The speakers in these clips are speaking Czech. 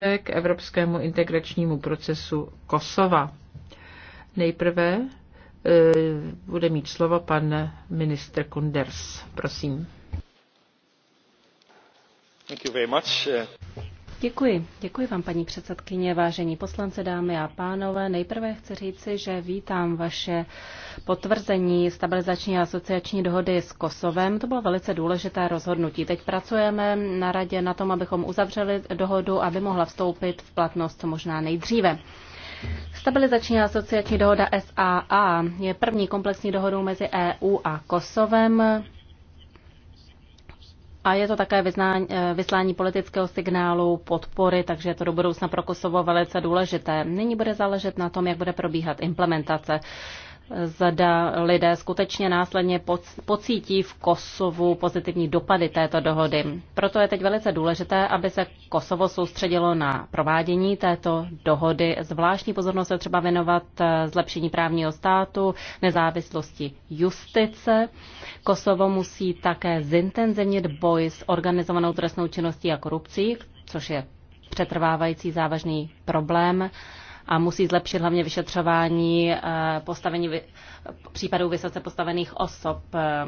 k evropskému integračnímu procesu Kosova. Nejprve e, bude mít slovo pan minister Kunders. Prosím. Thank you very much. Děkuji. Děkuji vám, paní předsedkyně, vážení poslance, dámy a pánové. Nejprve chci říci, že vítám vaše potvrzení stabilizační a asociační dohody s Kosovem. To bylo velice důležité rozhodnutí. Teď pracujeme na radě na tom, abychom uzavřeli dohodu, aby mohla vstoupit v platnost možná nejdříve. Stabilizační a asociační dohoda SAA je první komplexní dohodou mezi EU a Kosovem a je to také vyznání, eh, vyslání politického signálu podpory, takže je to do budoucna pro Kosovo velice důležité. Nyní bude záležet na tom, jak bude probíhat implementace zda lidé skutečně následně pocítí v Kosovu pozitivní dopady této dohody. Proto je teď velice důležité, aby se Kosovo soustředilo na provádění této dohody. Zvláštní pozornost se třeba věnovat eh, zlepšení právního státu, nezávislosti justice. Kosovo musí také zintenzivnit boj s organizovanou trestnou činností a korupcí, což je přetrvávající závažný problém a musí zlepšit hlavně vyšetřování eh, postavení případů vysoce postavených osob. Eh,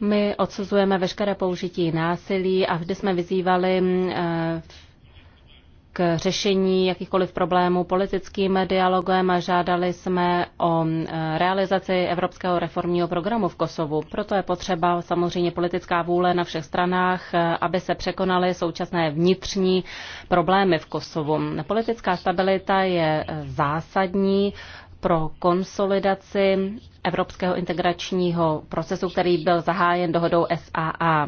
my odsuzujeme veškeré použití násilí a vždy jsme vyzývali eh, k řešení jakýchkoliv problémů politickým dialogem a žádali jsme o realizaci Evropského reformního programu v Kosovu. Proto je potřeba samozřejmě politická vůle na všech stranách, e, aby se překonaly současné vnitřní problémy v Kosovu. Politická stabilita je e, zásadní pro konsolidaci evropského integračního procesu, který byl zahájen dohodou SAA.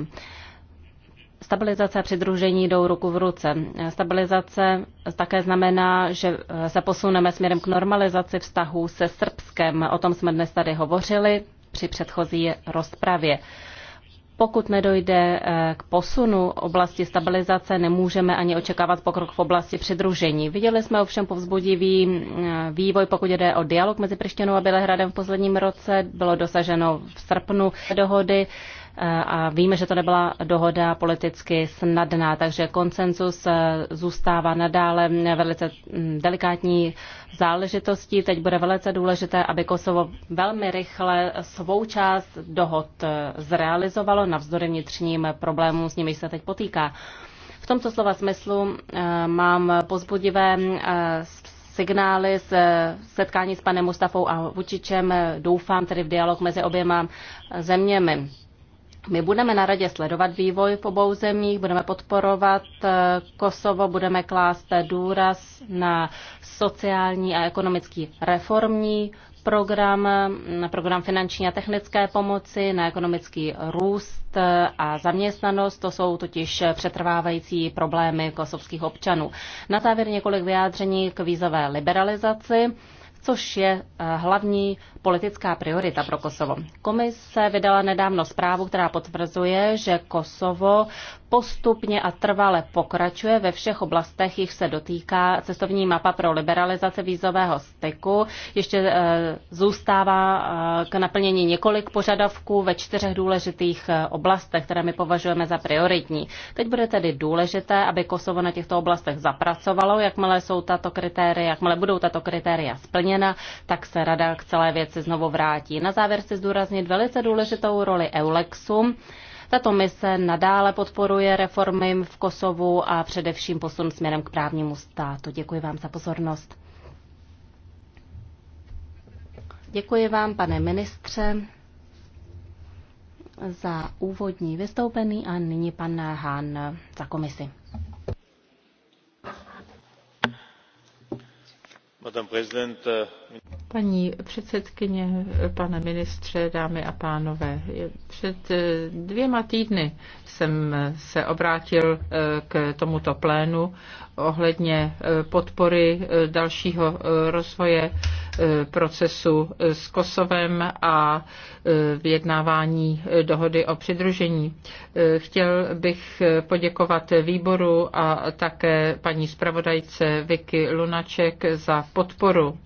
Stabilizace a přidružení jdou ruku v ruce. Stabilizace také znamená, že se posuneme směrem k normalizaci vztahů se Srbskem. O tom jsme dnes tady hovořili při předchozí rozpravě. Pokud nedojde eh, k posunu oblasti stabilizace, nemůžeme ani očekávat pokrok v oblasti přidružení. Viděli jsme ovšem povzbudivý eh, vývoj, pokud jde o dialog mezi Prištěnou a Bělehradem v posledním roce. Bylo dosaženo v srpnu dohody a víme, že to nebyla dohoda politicky snadná, takže konsenzus eh, zůstává nadále velice mm, delikátní záležitostí. Teď bude velice důležité, aby Kosovo velmi rychle svou část dohod eh, zrealizovalo navzdory vnitřním problémům, s nimiž se teď potýká. V tomto slova smyslu eh, mám pozbudivé signály z setkání s panem Mustafou a Vučičem. Doufám tedy v dialog mezi oběma zeměmi. My budeme na radě sledovat vývoj v obou zemích, budeme podporovat eh, Kosovo, budeme klást důraz na sociální a ekonomický reformní program, na program finanční a technické pomoci, na ekonomický růst eh, a zaměstnanost. To jsou totiž přetrvávající problémy kosovských občanů. Na závěr několik vyjádření k vízové liberalizaci což je eh, hlavní politická priorita pro Kosovo. Komise vydala nedávno zprávu, která potvrzuje, že Kosovo postupně a trvale pokračuje ve všech oblastech, jich se dotýká cestovní mapa pro liberalizaci vízového styku. Ještě eh, zůstává eh, k naplnění několik požadavků ve čtyřech důležitých eh, oblastech, které my považujeme za prioritní. Teď bude tedy důležité, aby Kosovo na těchto oblastech zapracovalo, jakmile jsou tato kritéria, jakmile budou tato kritéria splněna, tak se rada k celé věci znovu vrátí. Na závěr si zdůraznit velice důležitou roli Eulexu tato mise nadále podporuje reformy v Kosovu a především posun směrem k právnímu státu. Děkuji vám za pozornost. Děkuji vám, pane ministře, za úvodní vystoupení a nyní pan Hán za komisi. Madame President, Paní předsedkyně, pane ministře, dámy a pánové, před eh, dvěma týdny jsem eh, se obrátil eh, k tomuto plénu ohledně podpory dalšího rozvoje procesu s Kosovem a vyjednávání dohody o přidružení. Chtěl bych poděkovat výboru a také paní zpravodajce Vicky Lunaček za podporu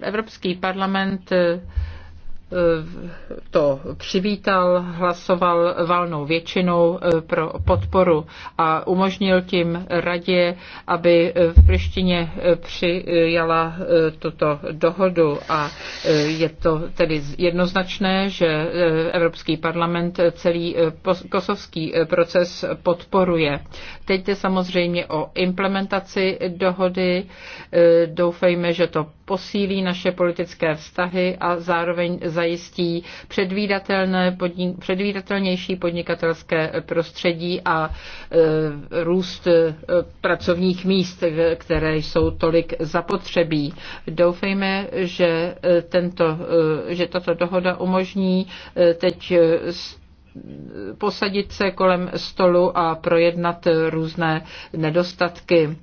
Evropský parlament to přivítal, hlasoval valnou většinou eh, pro podporu a umožnil tím radě, aby eh, v Prištině eh, přijala tuto dohodu a je to tedy jednoznačné, že Evropský parlament celý kosovský proces podporuje. Teď je samozřejmě o implementaci dohody. Doufejme, že to posílí naše politické vztahy a zároveň zajistí předvídatelné, podnik, předvídatelnější podnikatelské prostředí a e, růst e, pracovních míst, e, které jsou tolik zapotřebí. Doufejme, že, e, tento, e, že tato dohoda umožní e, teď e, posadit se kolem stolu a projednat různé nedostatky.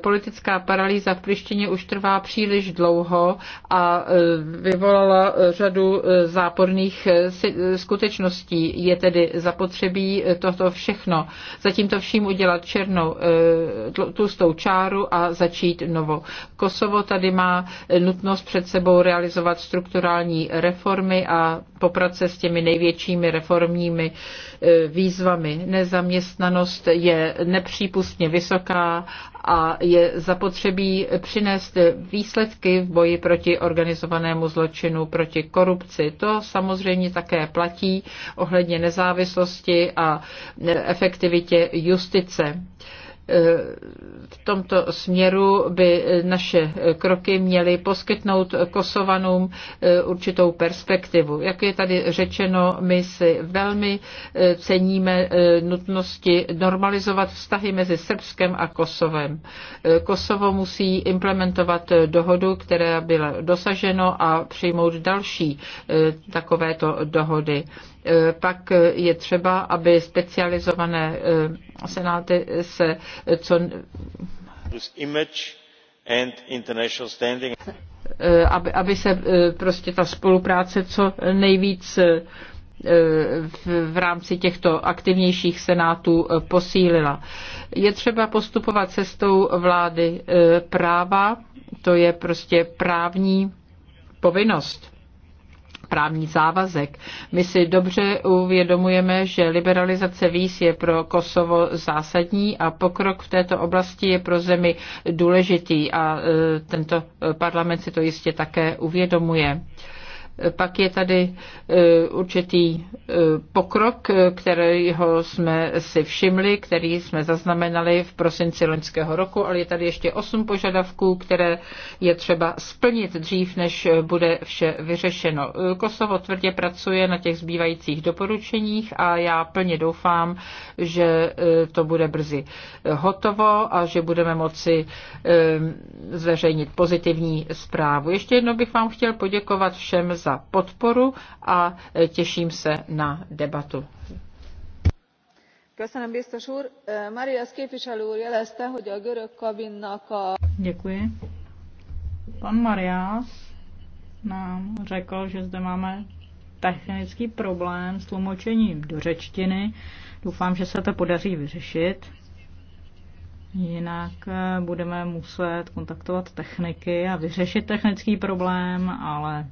Politická paralýza v Prištině už trvá příliš dlouho a e, vyvolala řadu e, záporných e, skutečností. Je tedy zapotřebí toto všechno, zatím to vším udělat černou tlustou čáru a začít novo. Kosovo tady má nutnost před sebou realizovat strukturální reformy a poprat se s těmi největšími reformními sociálními eh, výzvami. Nezaměstnanost je nepřípustně vysoká a je zapotřebí přinést výsledky v boji proti organizovanému zločinu, proti korupci. To samozřejmě také platí ohledně nezávislosti a eh, efektivitě justice v tomto směru by naše kroky měly poskytnout Kosovanům eh, určitou perspektivu. Jak je tady řečeno, my si velmi eh, ceníme eh, nutnosti normalizovat vztahy mezi Srbskem a Kosovem. Kosovo musí implementovat dohodu, která byla dosaženo a přijmout další takovéto dohody. Eh, pak je třeba, aby specializované eh, senáty se eh, co aby, aby se prostě ta spolupráce co nejvíc v rámci těchto aktivnějších senátů posílila. Je třeba postupovat cestou vlády práva, to je prostě právní povinnost právní závazek. My si dobře uvědomujeme, že liberalizace víz je pro Kosovo zásadní a pokrok v této oblasti je pro zemi důležitý a e, tento e, parlament si to jistě také uvědomuje. Pak je tady e, určitý e, pokrok, kterého jsme si všimli, který jsme zaznamenali v prosinci loňského roku, ale je tady ještě osm požadavků, které je třeba splnit dřív, než bude vše vyřešeno. Kosovo tvrdě pracuje na těch zbývajících doporučeních a já plně doufám, že e, to bude brzy hotovo a že budeme moci zveřejnit pozitivní zprávu. Ještě jednou bych vám chtěl poděkovat všem za za podporu a e, těším se na debatu. E, Děkuji. Pan Marias nám řekl, že zde máme technický problém s tlumočením do řečtiny. Doufám, že se to podaří vyřešit. Jinak e, budeme muset kontaktovat techniky a vyřešit technický problém, ale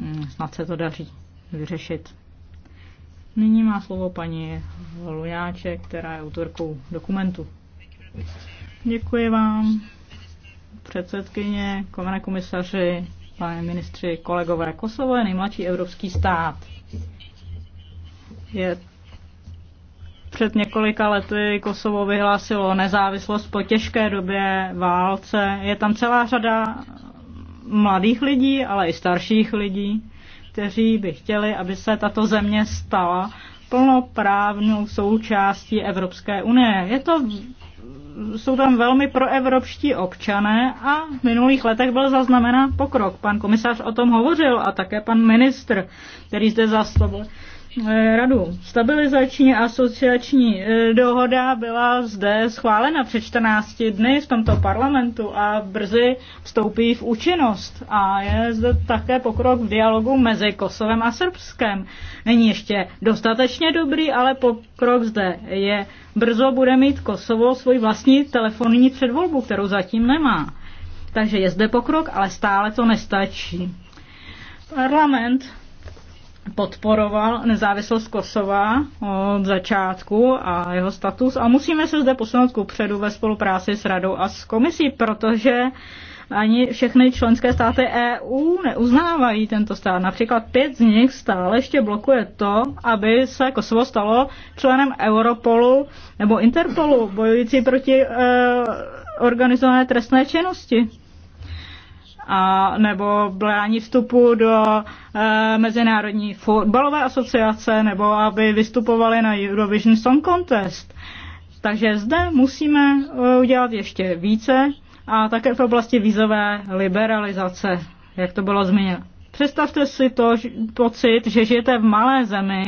Hmm, snad se to daří vyřešit. Nyní má slovo paní Luňáček, která je autorkou dokumentu. Děkuji vám, předsedkyně, pane komisaři, pane ministři, kolegové. Kosovo je nejmladší evropský stát. Je před několika lety Kosovo vyhlásilo nezávislost po těžké době válce. Je tam celá řada mladých lidí, ale i starších lidí, kteří by chtěli, aby se tato země stala plnoprávnou součástí Evropské unie. Je to, jsou tam velmi proevropští občané a v minulých letech byl zaznamenán pokrok. Pan komisař o tom hovořil a také pan ministr, který zde zastavil Eh, radu. Stabilizační asociační eh, dohoda byla zde schválena před 14 dny v tomto parlamentu a brzy vstoupí v účinnost. A je zde také pokrok v dialogu mezi Kosovem a Srbskem. Není ještě dostatečně dobrý, ale pokrok zde je. Brzo bude mít Kosovo svoji vlastní telefonní předvolbu, kterou zatím nemá. Takže je zde pokrok, ale stále to nestačí. Parlament podporoval nezávislost Kosova od začátku a jeho status a musíme se zde posunout kupředu ve spolupráci s Radou a s komisí, protože ani všechny členské státy EU neuznávají tento stát. Například pět z nich stále ještě blokuje to, aby se Kosovo stalo členem Europolu nebo Interpolu, bojující proti eh, organizované trestné činnosti a nebo brání vstupu do e, Mezinárodní fotbalové asociace nebo aby vystupovali na Eurovision Song Contest. Takže zde musíme eh, udělat ještě více a také v oblasti vízové liberalizace, jak to bylo zmíněno. Představte si to pocit, že žijete v malé zemi,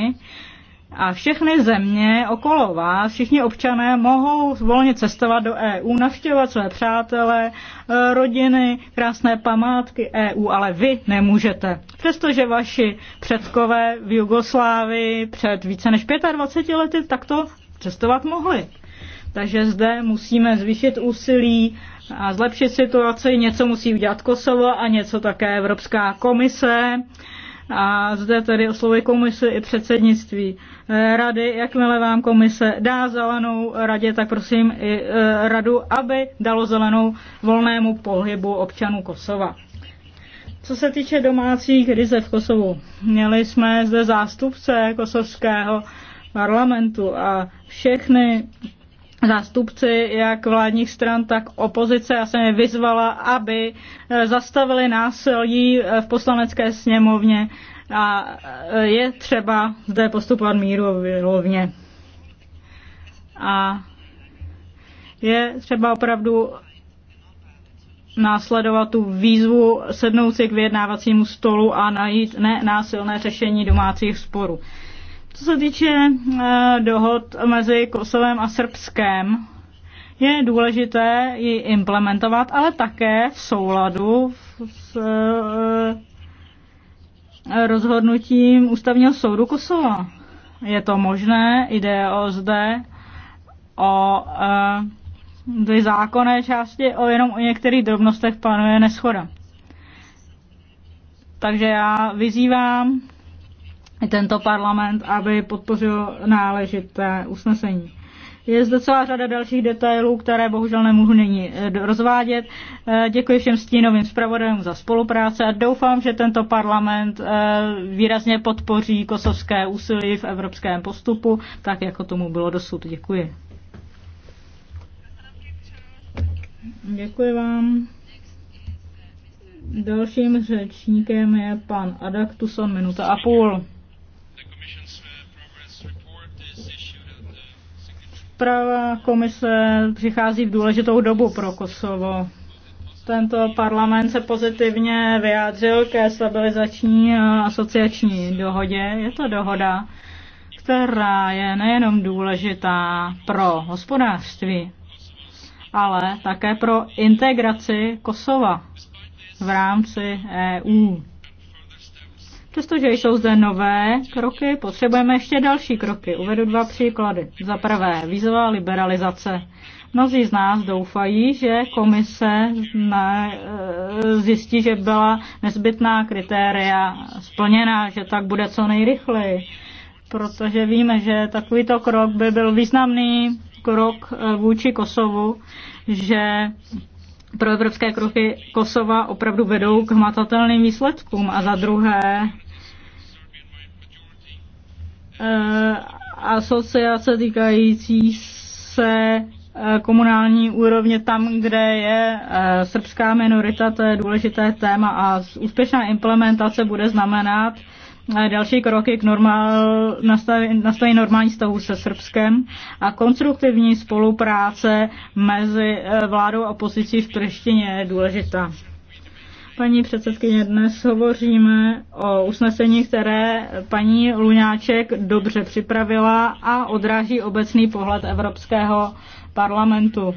a všechny země okolo vás, všichni občané mohou volně cestovat do EU, navštěvovat své přátele, e, rodiny, krásné památky EU, ale vy nemůžete. Přestože vaši předkové v Jugoslávii před více než 25 lety takto cestovat mohli. Takže zde musíme zvýšit úsilí a zlepšit situaci. Něco musí udělat Kosovo a něco také Evropská komise a zde tedy oslovuji komisi i předsednictví eh, rady. Jakmile vám komise dá zelenou radě, tak prosím i eh, radu, aby dalo zelenou volnému pohybu občanů Kosova. Co se týče domácích krize v Kosovu, měli jsme zde zástupce kosovského parlamentu a všechny zástupci jak vládních stran, tak opozice. Já jsem je vyzvala, aby eh, zastavili násilí eh, v poslanecké sněmovně a eh, je třeba zde postupovat mírově. A je třeba opravdu následovat tu výzvu sednout si k vyjednávacímu stolu a najít nenásilné řešení domácích sporů. Co se týče eh, dohod mezi Kosovem a Srbskem, je důležité ji implementovat, ale také v souladu s eh, rozhodnutím ústavního soudu Kosova. Je to možné, jde o zde o eh, dvě zákonné části, o jenom o některých drobnostech panuje neschoda. Takže já vyzývám tento parlament, aby podpořil náležité usnesení. Je zde celá řada dalších detailů, které bohužel nemůžu nyní eh, rozvádět. Eh, děkuji všem stínovým zpravodajům za spolupráce a doufám, že tento parlament eh, výrazně podpoří kosovské úsilí v evropském postupu, tak jako tomu bylo dosud. Děkuji. Děkuji vám. Dalším řečníkem je pan Adaktuson, minuta a půl. Zpráva komise přichází v důležitou dobu pro Kosovo. Tento parlament se pozitivně vyjádřil ke stabilizační a asociační dohodě. Je to dohoda, která je nejenom důležitá pro hospodářství, ale také pro integraci Kosova v rámci EU. Přestože jsou zde nové kroky, potřebujeme ještě další kroky. Uvedu dva příklady. Za prvé, vízová liberalizace. Mnozí z nás doufají, že komise ne, zjistí, že byla nezbytná kritéria splněna, že tak bude co nejrychleji. Protože víme, že takovýto krok by byl významný krok e, vůči Kosovu, že pro evropské kroky Kosova opravdu vedou k hmatatelným výsledkům a za druhé eh, asociace týkající se eh, komunální úrovně tam, kde je eh, srbská minorita, to je důležité téma a úspěšná implementace bude znamenat, další kroky k normál, nastavení, nastavení normální stavu se Srbskem a konstruktivní spolupráce mezi eh, vládou a opozicí v Prištině je důležitá. Paní předsedkyně, dnes hovoříme o usnesení, které paní Luňáček dobře připravila a odráží obecný pohled Evropského parlamentu.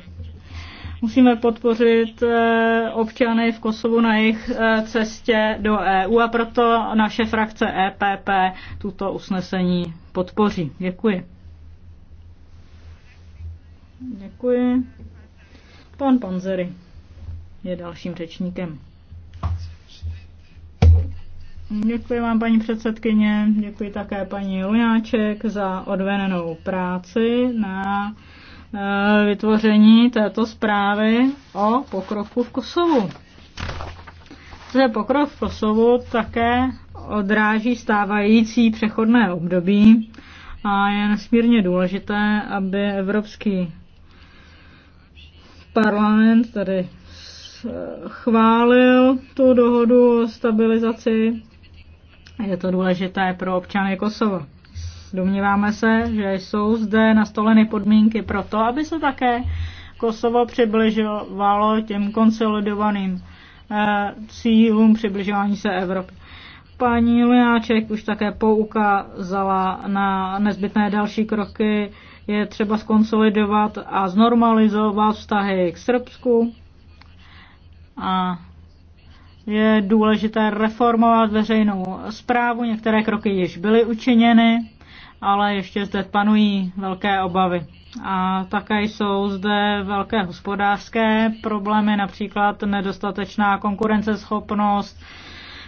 Musíme podpořit eh, občany v Kosovu na jejich eh, cestě do EU a proto naše frakce EPP tuto usnesení podpoří. Děkuji. Děkuji. Pan Panzery je dalším řečníkem. Děkuji vám, paní předsedkyně, děkuji také paní Lunáček za odvenenou práci na Eh, vytvoření této zprávy o pokroku v Kosovu. Protože pokrok v Kosovu také odráží stávající přechodné období a je nesmírně důležité, aby Evropský parlament tady chválil tu dohodu o stabilizaci. Je to důležité pro občany Kosova. Domníváme se, že jsou zde nastoleny podmínky pro to, aby se také Kosovo přibližovalo těm konsolidovaným eh, cílům přibližování se Evropy. Paní Lunáček už také poukázala na nezbytné další kroky. Je třeba skonsolidovat a znormalizovat vztahy k Srbsku. A je důležité reformovat veřejnou zprávu. Některé kroky již byly učiněny ale ještě zde panují velké obavy. A také jsou zde velké hospodářské problémy, například nedostatečná konkurenceschopnost,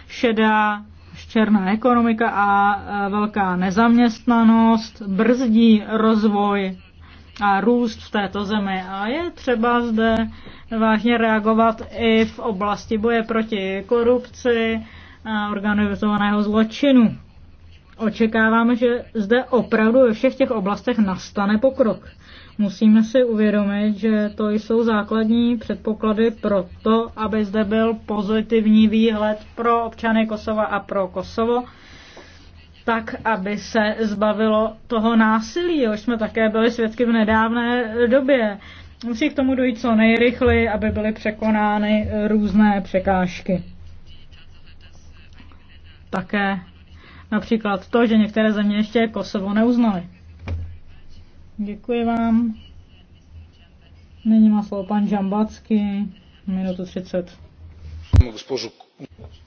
šedá černá ekonomika a e, velká nezaměstnanost brzdí rozvoj a růst v této zemi. A je třeba zde vážně reagovat i v oblasti boje proti korupci a organizovaného zločinu očekáváme, že zde opravdu ve všech těch oblastech nastane pokrok. Musíme si uvědomit, že to jsou základní předpoklady pro to, aby zde byl pozitivní výhled pro občany Kosova a pro Kosovo, tak aby se zbavilo toho násilí, jehož jsme také byli svědky v nedávné době. Musí k tomu dojít co nejrychleji, aby byly překonány různé překážky. Také Například to, že některé země ještě Kosovo neuznaly. Děkuji vám. Nyní má slovo pan Žambacký, minutu 30.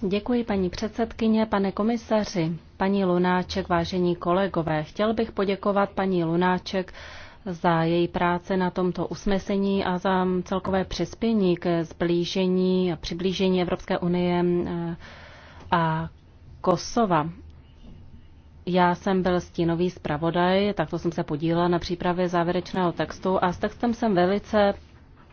Děkuji paní předsedkyně, pane komisaři, paní Lunáček, vážení kolegové. Chtěl bych poděkovat paní Lunáček za její práce na tomto usnesení a za celkové přispění k zblížení a přiblížení Evropské unie eh, a Kosova. Já jsem byl stínový zpravodaj, takto jsem se podílela na přípravě závěrečného textu a s textem jsem velice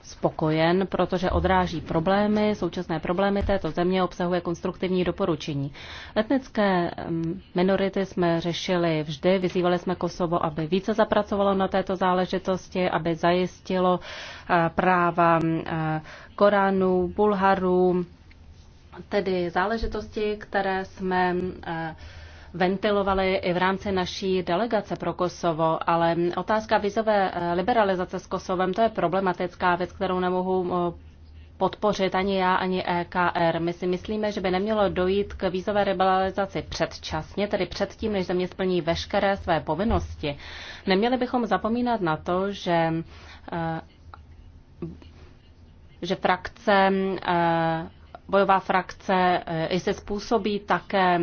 spokojen, protože odráží problémy, současné problémy této země, obsahuje konstruktivní doporučení. Etnické minority jsme řešili vždy, vyzývali jsme Kosovo, aby více zapracovalo na této záležitosti, aby zajistilo eh, práva eh, Koránů, Bulharů, tedy záležitosti, které jsme eh, ventilovali i v rámci naší delegace pro Kosovo, ale otázka vizové eh, liberalizace s Kosovem, to je problematická věc, kterou nemohu eh, podpořit ani já, ani EKR. My si myslíme, že by nemělo dojít k vízové liberalizaci předčasně, tedy předtím, než země splní veškeré své povinnosti. Neměli bychom zapomínat na to, že eh, že frakce, bojová frakce i se způsobí také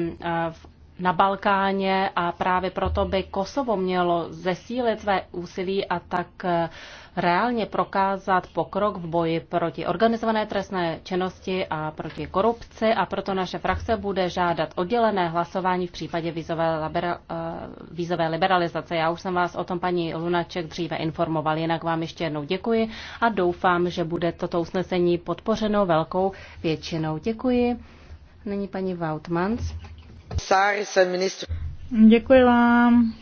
v na Balkáně a právě proto by Kosovo mělo zesílit své úsilí a tak eh, reálně prokázat pokrok v boji proti organizované trestné činnosti a proti korupci a proto naše frakce bude žádat oddělené hlasování v případě vízové, libera, eh, vízové liberalizace. Já už jsem vás o tom paní Lunaček dříve informoval, jinak vám ještě jednou děkuji a doufám, že bude toto usnesení podpořeno velkou většinou. Děkuji. Nyní paní Vautmans. Děkuji vám.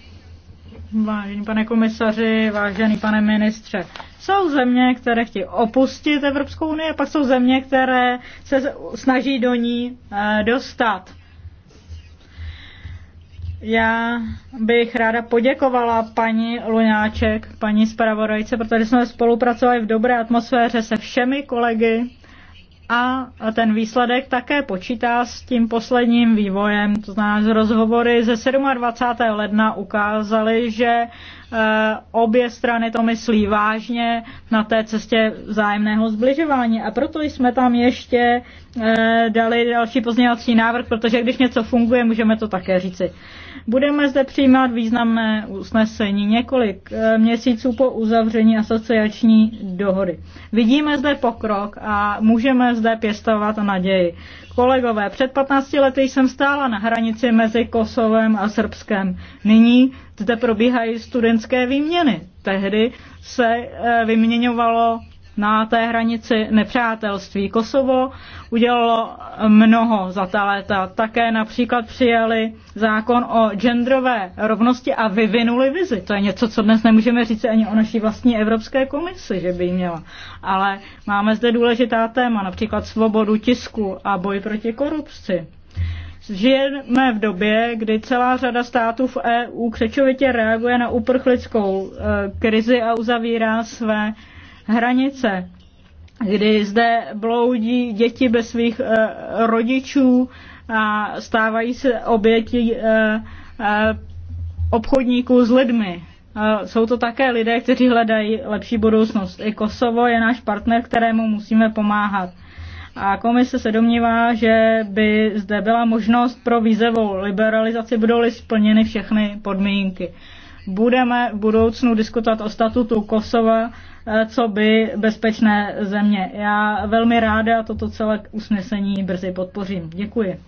Vážený pane komisaři, vážený pane ministře, jsou země, které chtějí opustit Evropskou unii, a pak jsou země, které se snaží do ní eh, dostat. Já bych ráda poděkovala paní Luňáček, paní zpravodajce, protože jsme spolupracovali v dobré atmosféře se všemi kolegy a ten výsledek také počítá s tím posledním vývojem, to znamená, že rozhovory ze 27. ledna ukázaly, že Eh, obě strany to myslí vážně na té cestě vzájemného zbližování. A proto jsme tam ještě eh, dali další pozměňovací návrh, protože když něco funguje, můžeme to také říci. Budeme zde přijímat významné usnesení několik eh, měsíců po uzavření asociační dohody. Vidíme zde pokrok a můžeme zde pěstovat naději. Kolegové, před 15 lety jsem stála na hranici mezi Kosovem a Srbskem. Nyní zde probíhají studentské výměny. Tehdy se eh, vyměňovalo na té hranici nepřátelství. Kosovo udělalo eh, mnoho za ta léta. Také například přijali zákon o genderové rovnosti a vyvinuli vizi. To je něco, co dnes nemůžeme říct ani o naší vlastní Evropské komisi, že by měla. Ale máme zde důležitá téma, například svobodu tisku a boj proti korupci. Žijeme v době, kdy celá řada států v EU křečovitě reaguje na uprchlickou e, krizi a uzavírá své hranice, kdy zde bloudí děti bez svých e, rodičů a stávají se oběti e, obchodníků s lidmi. Jsou to také lidé, kteří hledají lepší budoucnost. I Kosovo je náš partner, kterému musíme pomáhat a komise se domnívá, že by zde byla možnost pro vízevou liberalizaci, budou-li splněny všechny podmínky. Budeme v budoucnu diskutovat o statutu Kosova, eh, co by bezpečné země. Já velmi ráda toto celé usnesení brzy podpořím. Děkuji.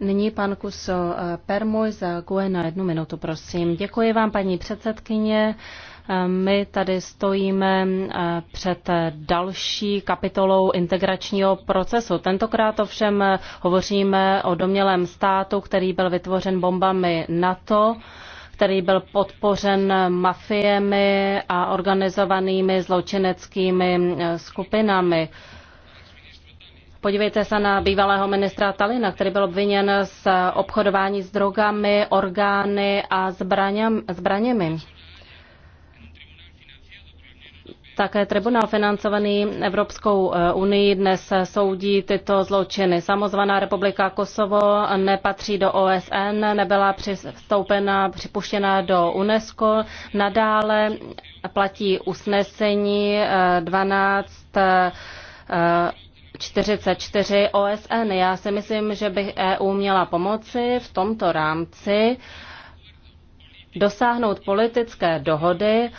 Nyní pan Kuso eh, Permoj za GUE na jednu minutu, prosím. Děkuji vám, paní předsedkyně. My tady stojíme eh, před další kapitolou integračního procesu. Tentokrát ovšem eh, hovoříme o domělém státu, který byl vytvořen bombami NATO který byl podpořen mafiemi a organizovanými zločineckými eh, skupinami. Podívejte se na bývalého ministra Talina, který byl obviněn z obchodování s drogami, orgány a zbraněmi. Také tribunál financovaný Evropskou eh, unii dnes soudí tyto zločiny. Samozvaná republika Kosovo nepatří do OSN, nebyla přistoupena, připuštěna do UNESCO. Nadále platí usnesení 12 44 OSN. Já si myslím, že by EU měla pomoci v tomto rámci dosáhnout politické dohody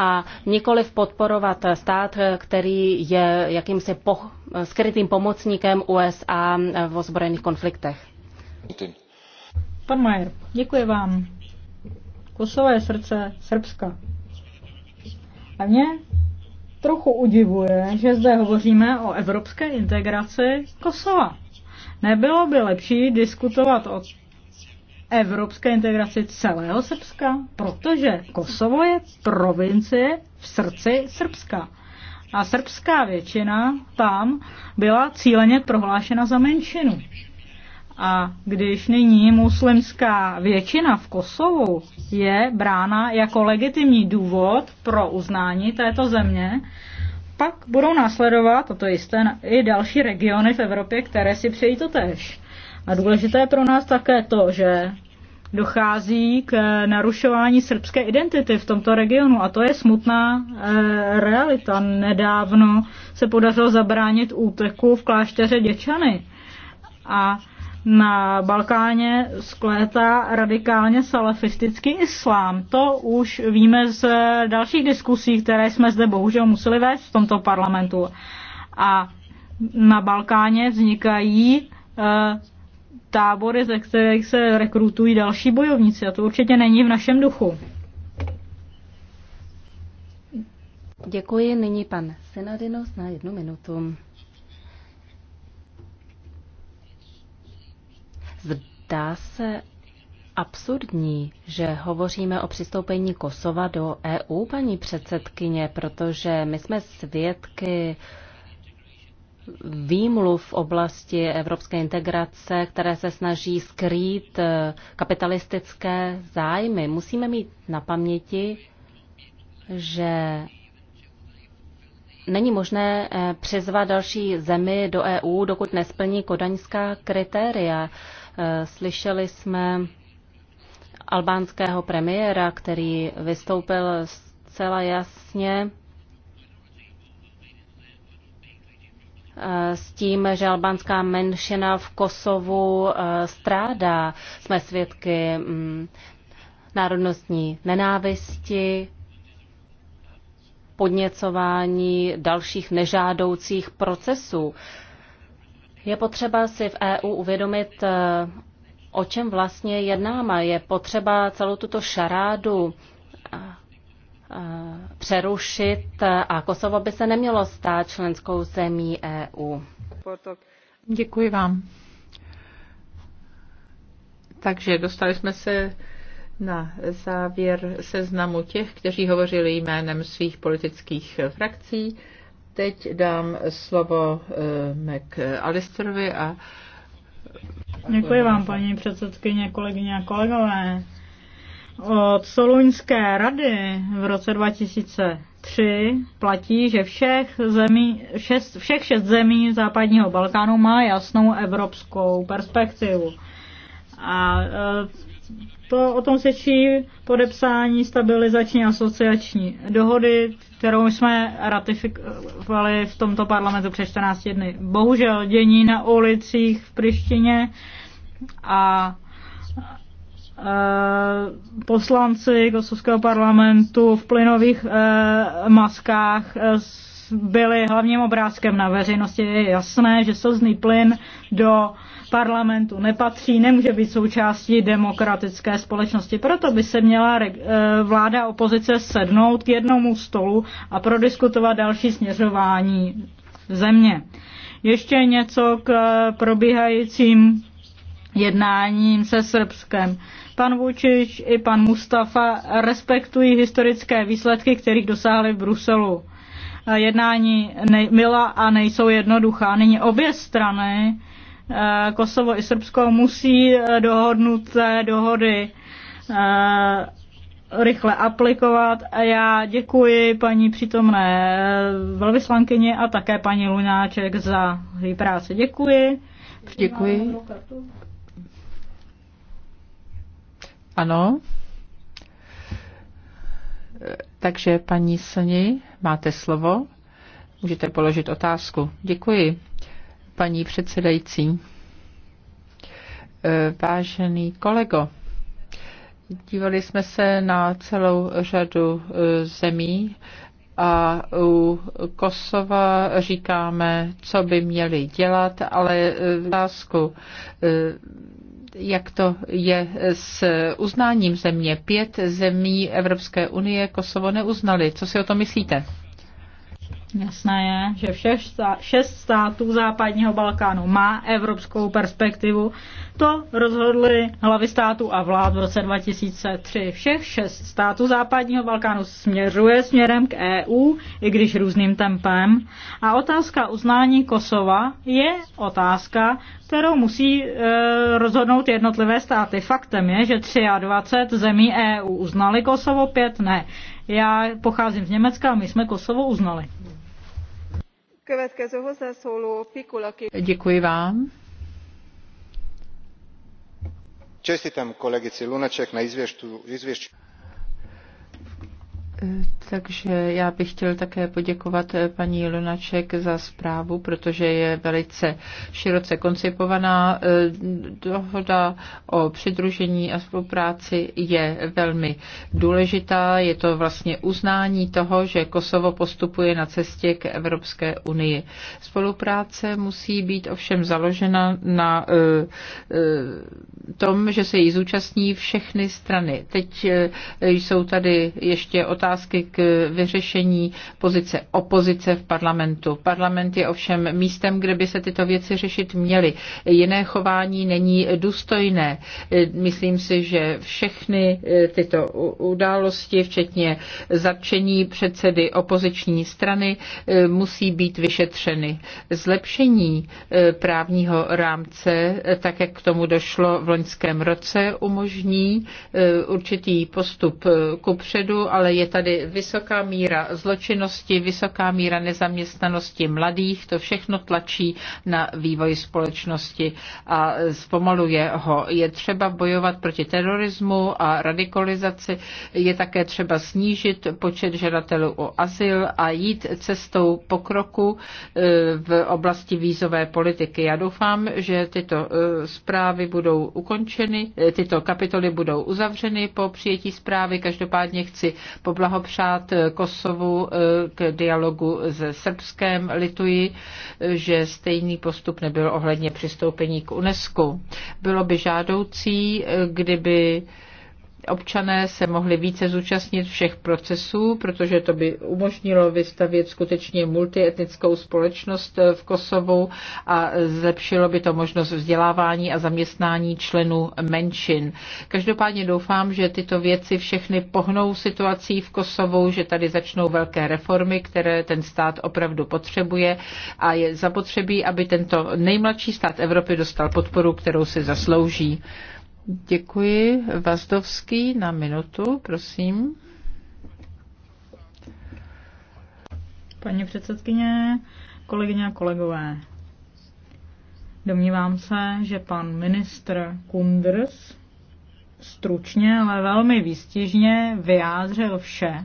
a nikoliv podporovat stát, který je jakýmsi po, skrytým pomocníkem USA v ozbrojených konfliktech. Pan Majer, děkuji vám. Kosové srdce Srbska. A mě trochu udivuje, že zde hovoříme o evropské integraci Kosova. Nebylo by lepší diskutovat o evropské integraci celého Srbska, protože Kosovo je provincie v srdci Srbska. A srbská většina tam byla cíleně prohlášena za menšinu. A když nyní muslimská většina v Kosovu je brána jako legitimní důvod pro uznání této země, pak budou následovat, a to jisté, i další regiony v Evropě, které si přejí to tež. A důležité je pro nás také to, že dochází k narušování srbské identity v tomto regionu a to je smutná eh, realita. Nedávno se podařilo zabránit úteku v klášteře Děčany a na Balkáně sklétá radikálně salafistický islám. To už víme z dalších diskusí, které jsme zde bohužel museli vést v tomto parlamentu. A na Balkáně vznikají eh, tábory, ze kterých se rekrutují další bojovníci a to určitě není v našem duchu. Děkuji. Nyní pan Senadinos na jednu minutu. Zdá se absurdní, že hovoříme o přistoupení Kosova do EU, paní předsedkyně, protože my jsme svědky uh, výmluv v oblasti evropské integrace, které se snaží skrýt eh, kapitalistické zájmy. Musíme mít na paměti, že není možné eh, přizvat další zemi do EU, dokud nesplní kodaňská kritéria. Eh, slyšeli jsme albánského premiéra, který vystoupil zcela jasně s tím, že albánská menšina v Kosovu eh, strádá. Jsme svědky mm, národnostní nenávisti, podněcování dalších nežádoucích procesů. Je potřeba si v EU uvědomit, eh, o čem vlastně jednáme. Je potřeba celou tuto šarádu eh, přerušit a Kosovo by se nemělo stát členskou zemí EU. Děkuji vám. Takže dostali jsme se na závěr seznamu těch, kteří hovořili jménem svých politických frakcí. Teď dám slovo eh, McAllisterovi a Děkuji vám, paní předsedkyně, kolegyně a kolegové od Soluňské rady v roce 2003 platí, že všech, zemí, šest, všech šest zemí západního Balkánu má jasnou evropskou perspektivu. A e, to o tom sečí podepsání stabilizační asociační dohody, kterou jsme ratifikovali v tomto parlamentu před 14 dny. Bohužel dění na ulicích v Prištině a Eh, poslanci kosovského parlamentu v plynových eh, maskách eh, byli hlavním obrázkem na veřejnosti. Je jasné, že slzný plyn do parlamentu nepatří, nemůže být součástí demokratické společnosti. Proto by se měla vláda opozice sednout k jednomu stolu a prodiskutovat další směřování země. Ještě něco k probíhajícím jednáním se Srbskem. Pan Vučič i pan Mustafa respektují historické výsledky, kterých dosáhli v Bruselu. Jednání nej, mila a nejsou jednoduchá. Nyní obě strany, eh, Kosovo i Srbsko, musí eh, dohodnuté dohody eh, rychle aplikovat. A já děkuji paní přítomné velvyslankyni a také paní Lunáček za její práci. Děkuji. Děkuji. Ano. Takže paní Sni, máte slovo. Můžete položit otázku. Děkuji, paní předsedající. Eh, vážený kolego, dívali jsme se na celou řadu eh, zemí a u Kosova říkáme, co by měli dělat, ale otázku eh, jak to je s uznáním země. Pět zemí Evropské unie Kosovo neuznali. Co si o to myslíte? Jasné je, že šest států západního Balkánu má evropskou perspektivu to rozhodly hlavy států a vlád v roce 2003. Všech šest států západního Balkánu směřuje směrem k EU, i když různým tempem. A otázka uznání Kosova je otázka, kterou musí e, rozhodnout jednotlivé státy. Faktem je, že 23 zemí EU uznali Kosovo, pět ne. Já pocházím z Německa a my jsme Kosovo uznali. Děkuji vám estitam kolegici lunacek na izvješću. Takže já bych chtěl také poděkovat eh, paní Lunaček za zprávu, protože je velice široce koncipovaná. Eh, dohoda o přidružení a spolupráci je velmi důležitá. Je to vlastně uznání toho, že Kosovo postupuje na cestě k Evropské unii. Spolupráce musí být ovšem založena na eh, tom, že se jí zúčastní všechny strany. Teď jsou tady ještě otázky, otázky k vyřešení pozice opozice v parlamentu. Parlament je ovšem místem, kde by se tyto věci řešit měly. Jiné chování není důstojné. Myslím si, že všechny eh, tyto události, včetně zatčení předsedy opoziční strany, eh, musí být vyšetřeny. Zlepšení eh, právního rámce, tak jak k tomu došlo v loňském roce, umožní určitý postup ku předu, ale je tady tady vysoká míra zločinnosti, vysoká míra nezaměstnanosti mladých, to všechno tlačí na vývoj společnosti a zpomaluje ho. Je třeba bojovat proti terorismu a radikalizaci, je také třeba snížit počet žadatelů o azyl a jít cestou pokroku e, v oblasti vízové politiky. Já doufám, že tyto e, zprávy budou ukončeny, e, tyto kapitoly budou uzavřeny po přijetí zprávy. Každopádně chci poblahopřát blahopřát Kosovu eh, k dialogu se Srbskem. Lituji, že stejný postup nebyl ohledně přistoupení k UNESCO. Bylo by žádoucí, eh, kdyby občané se mohli více zúčastnit všech procesů, protože to by umožnilo vystavět skutečně multietnickou společnost v Kosovu a zlepšilo by to možnost vzdělávání a zaměstnání členů menšin. Každopádně doufám, že tyto věci všechny pohnou situací v Kosovu, že tady začnou velké reformy, které ten stát opravdu potřebuje a je zapotřebí, aby tento nejmladší stát Evropy dostal podporu, kterou si zaslouží. Děkuji. Vazdovský na minutu, prosím. Paní předsedkyně, kolegyně a kolegové, domnívám se, že pan ministr Kunders stručně, ale velmi výstižně vyjádřil vše,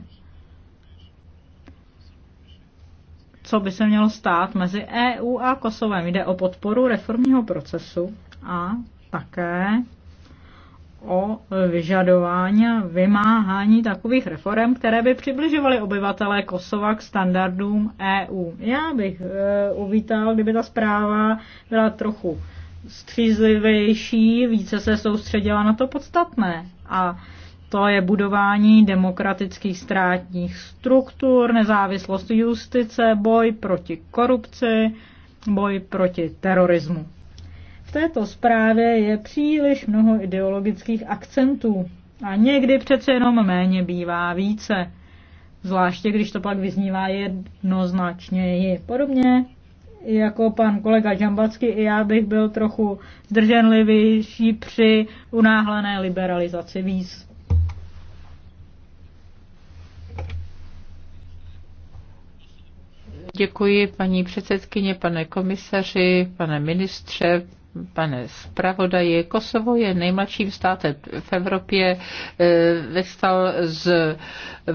co by se mělo stát mezi EU a Kosovem. Jde o podporu reformního procesu a také o vyžadování a vymáhání takových reform, které by přibližovaly obyvatele Kosova k standardům EU. Já bych e, uvítal, kdyby ta zpráva byla trochu střízlivější, více se soustředila na to podstatné. A to je budování demokratických státních struktur, nezávislost justice, boj proti korupci, boj proti terorismu této zprávě je příliš mnoho ideologických akcentů a někdy přece jenom méně bývá více. Zvláště, když to pak vyznívá jednoznačněji. Podobně jako pan kolega Žambacky i já bych byl trochu zdrženlivější při unáhlené liberalizaci víz. Děkuji paní předsedkyně, pane komisaři, pane ministře, pane zpravodaji. Kosovo je nejmladším státem v Evropě. Eh, Vystal z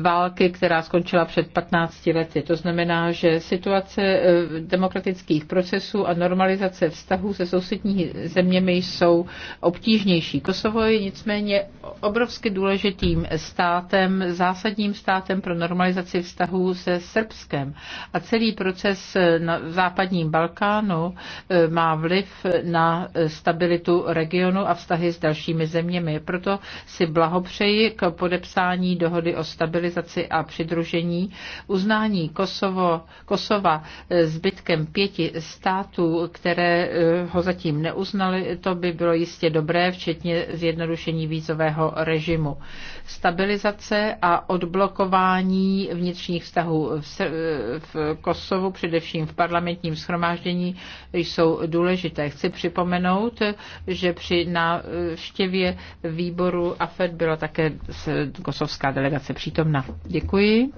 války, která skončila před 15 lety. To znamená, že situace eh, demokratických procesů a normalizace vztahů se sousedními zeměmi jsou obtížnější. Kosovo je nicméně obrovsky důležitým státem, zásadním státem pro normalizaci vztahů se Srbskem. A celý proces na západním Balkánu eh, má vliv na E, stabilitu regionu a vztahy s dalšími zeměmi. Proto si blahopřeji k podepsání dohody o stabilizaci a přidružení. Uznání Kosovo, Kosova e, zbytkem pěti států, které e, ho zatím neuznali, to by bylo jistě dobré, včetně zjednodušení vízového režimu. Stabilizace a odblokování vnitřních vztahů v, v Kosovu, především v parlamentním schromáždění, jsou důležité. Chci připomínat, připomenout, že při návštěvě výboru AFED byla také kosovská delegace přítomna. Děkuji.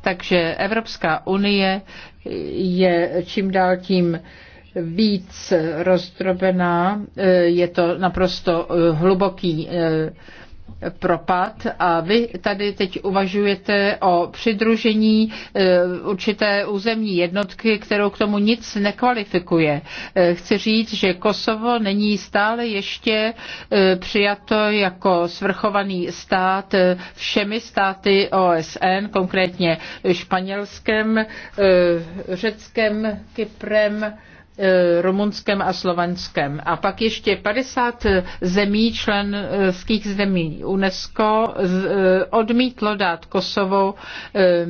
Takže Evropská unie je čím dál tím víc rozdrobená. Je to naprosto hluboký propad a vy tady teď uvažujete o přidružení eh, určité územní jednotky, kterou k tomu nic nekvalifikuje. Eh, chci říct, že Kosovo není stále ještě eh, přijato jako svrchovaný stát všemi státy OSN, konkrétně Španělskem, Řeckem, Kyprem, E, rumunském a slovenském. A pak ještě 50 zemí, členských zemí UNESCO, e, odmítlo dát Kosovo e,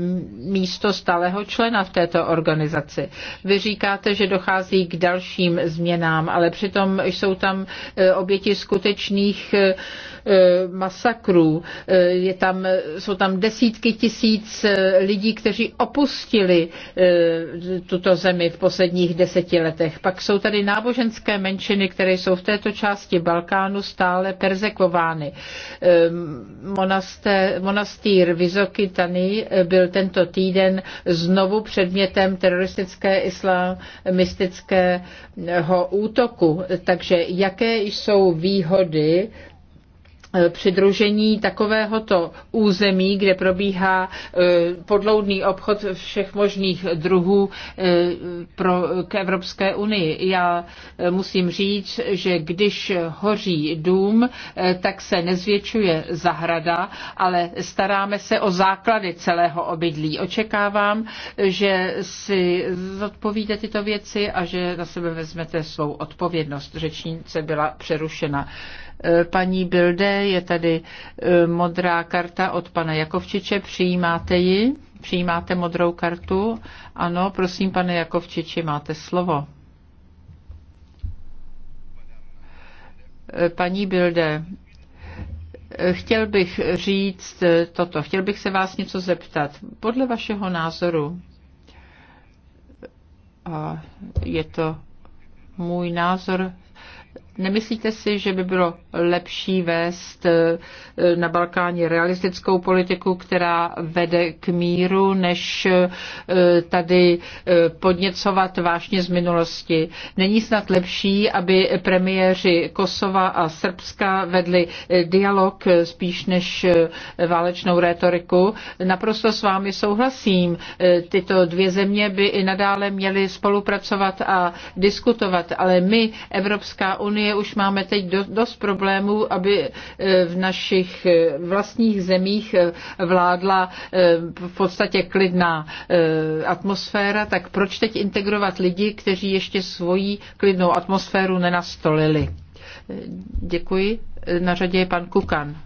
místo stáleho člena v této organizaci. Vy říkáte, že dochází k dalším změnám, ale přitom jsou tam oběti skutečných masakrů. Je tam, jsou tam desítky tisíc lidí, kteří opustili tuto zemi v posledních deseti letech letech. Pak jsou tady náboženské menšiny, které jsou v této části Balkánu stále perzekovány. Ehm, monastýr Vysoky Tany byl tento týden znovu předmětem teroristické islamistického útoku. Takže jaké jsou výhody Eh, přidružení takovéhoto území, kde probíhá eh, podloudný obchod všech možných druhů eh, pro, k Evropské unii. Já musím říct, že když hoří dům, tak se nezvětšuje zahrada, ale staráme se o základy celého obydlí. Očekávám, že si zodpovíte tyto věci a že na sebe vezmete svou odpovědnost. Řečnice byla přerušena. Eh, paní Bilde, je tady eh, modrá karta od pana Jakovčiče, přijímáte ji? Přijímáte modrou kartu? Ano, prosím, pane Jakovčiči, máte slovo. Eh, paní Bilde, chtěl bych říct toto, chtěl bych se vás něco zeptat. Podle vašeho názoru, a je to můj názor, Nemyslíte si, že by bylo lepší vést eh, na Balkáně realistickou politiku, která vede k míru, než eh, tady eh, podněcovat vášně z minulosti? Není snad lepší, aby premiéři Kosova a Srbska vedli dialog spíš než válečnou rétoriku? Naprosto s vámi souhlasím. Tyto dvě země by i nadále měly spolupracovat a diskutovat, ale my, Evropská unie, unie už máme teď dost problémů, aby eh, v našich eh, vlastních zemích eh, vládla v podstatě klidná atmosféra, tak proč teď integrovat lidi, kteří ještě svoji klidnou atmosféru nenastolili? Děkuji. Na řadě je pan Kukan.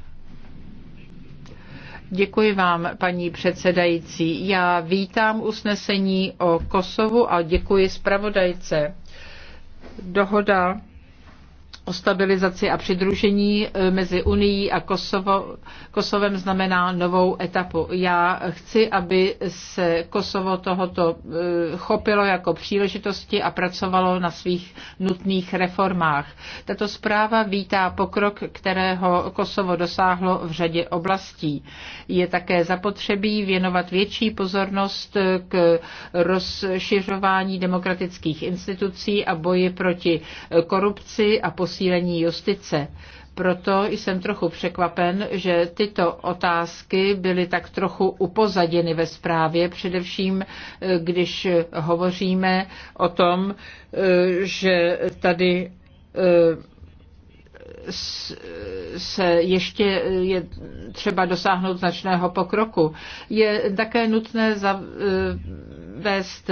Děkuji vám, paní předsedající. Já vítám usnesení o Kosovu a děkuji zpravodajce. Dohoda o stabilizaci a přidružení e, mezi Unií a Kosovo, Kosovem znamená novou etapu. Já chci, aby se Kosovo tohoto e, chopilo jako příležitosti a pracovalo na svých nutných reformách. Tato zpráva vítá pokrok, kterého Kosovo dosáhlo v řadě oblastí. Je také zapotřebí věnovat větší pozornost k rozšiřování demokratických institucí a boji proti korupci a posílení posílení justice. Proto jsem trochu překvapen, že tyto otázky byly tak trochu upozaděny ve zprávě, především eh, když hovoříme o tom, eh, že tady eh, se ještě je třeba dosáhnout značného pokroku. Je také nutné zavést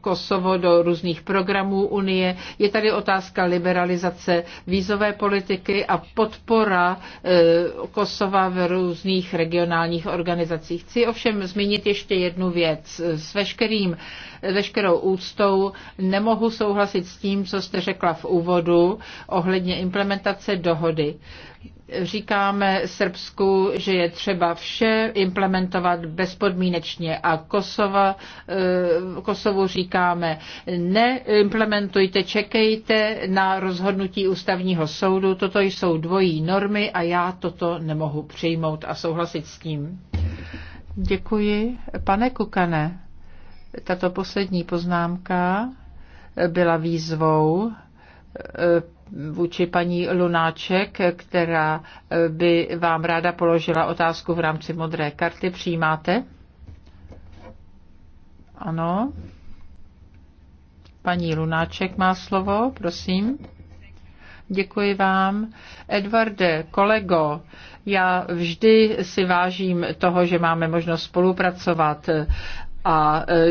Kosovo do různých programů Unie. Je tady otázka liberalizace vízové politiky a podpora eh, Kosova v různých regionálních organizacích. Chci ovšem zmínit ještě jednu věc. S veškerým, veškerou úctou nemohu souhlasit s tím, co jste řekla v úvodu ohledně implementace implementace dohody. Říkáme Srbsku, že je třeba vše implementovat bezpodmínečně a Kosova, eh, Kosovu říkáme, neimplementujte, čekejte na rozhodnutí ústavního soudu. Toto jsou dvojí normy a já toto nemohu přijmout a souhlasit s tím. Děkuji. Pane Kukane, tato poslední poznámka byla výzvou eh, vůči paní Lunáček, která eh, by vám ráda položila otázku v rámci modré karty. Přijímáte? Ano. Paní Lunáček má slovo, prosím. Děkuji vám. Edvarde, kolego, já vždy si vážím toho, že máme možnost spolupracovat a eh,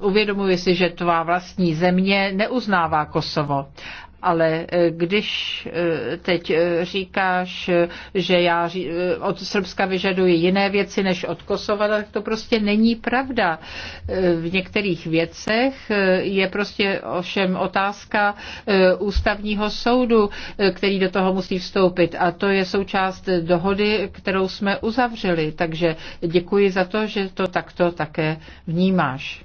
uvědomuji si, že tvá vlastní země neuznává Kosovo ale eh, když eh, teď eh, říkáš, že já od Srbska vyžaduji jiné věci než od Kosova, tak to prostě není pravda. V některých věcech je prostě ovšem otázka ústavního soudu, který do toho musí vstoupit a to je součást dohody, kterou jsme uzavřeli. Takže děkuji za to, že to takto také vnímáš.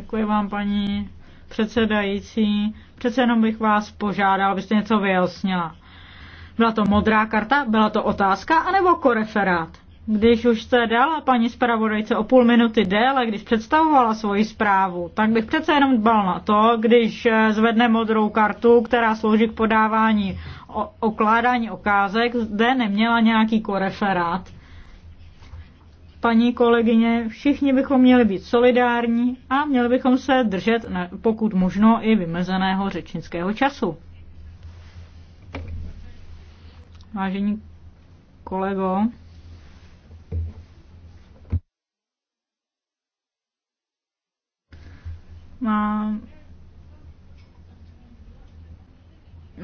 Děkuji vám, paní předsedající. Přece jenom bych vás požádal, abyste něco vyjasnila. Byla to modrá karta, byla to otázka, anebo koreferát? Když už jste dala paní zpravodajce o půl minuty déle, když představovala svoji zprávu, tak bych přece jenom dbal na to, když zvedne modrou kartu, která slouží k podávání okládání okázek, zde neměla nějaký koreferát paní kolegyně, všichni bychom měli být solidární a měli bychom se držet, pokud možno, i vymezeného řečnického času. Vážení kolego, mám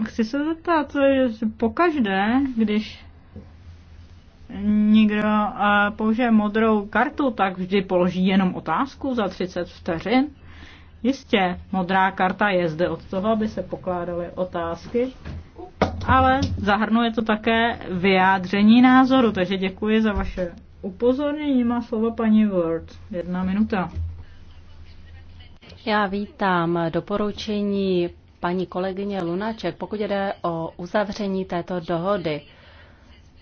Chci se zeptat, že pokaždé, když někdo eh, použije modrou kartu, tak vždy položí jenom otázku za 30 vteřin. Jistě, modrá karta je zde od toho, aby se pokládaly otázky, ale zahrnuje to také vyjádření názoru, takže děkuji za vaše upozornění. Má slovo paní Word. Jedna minuta. Já vítám doporučení paní kolegyně Lunaček, pokud jde o uzavření této dohody.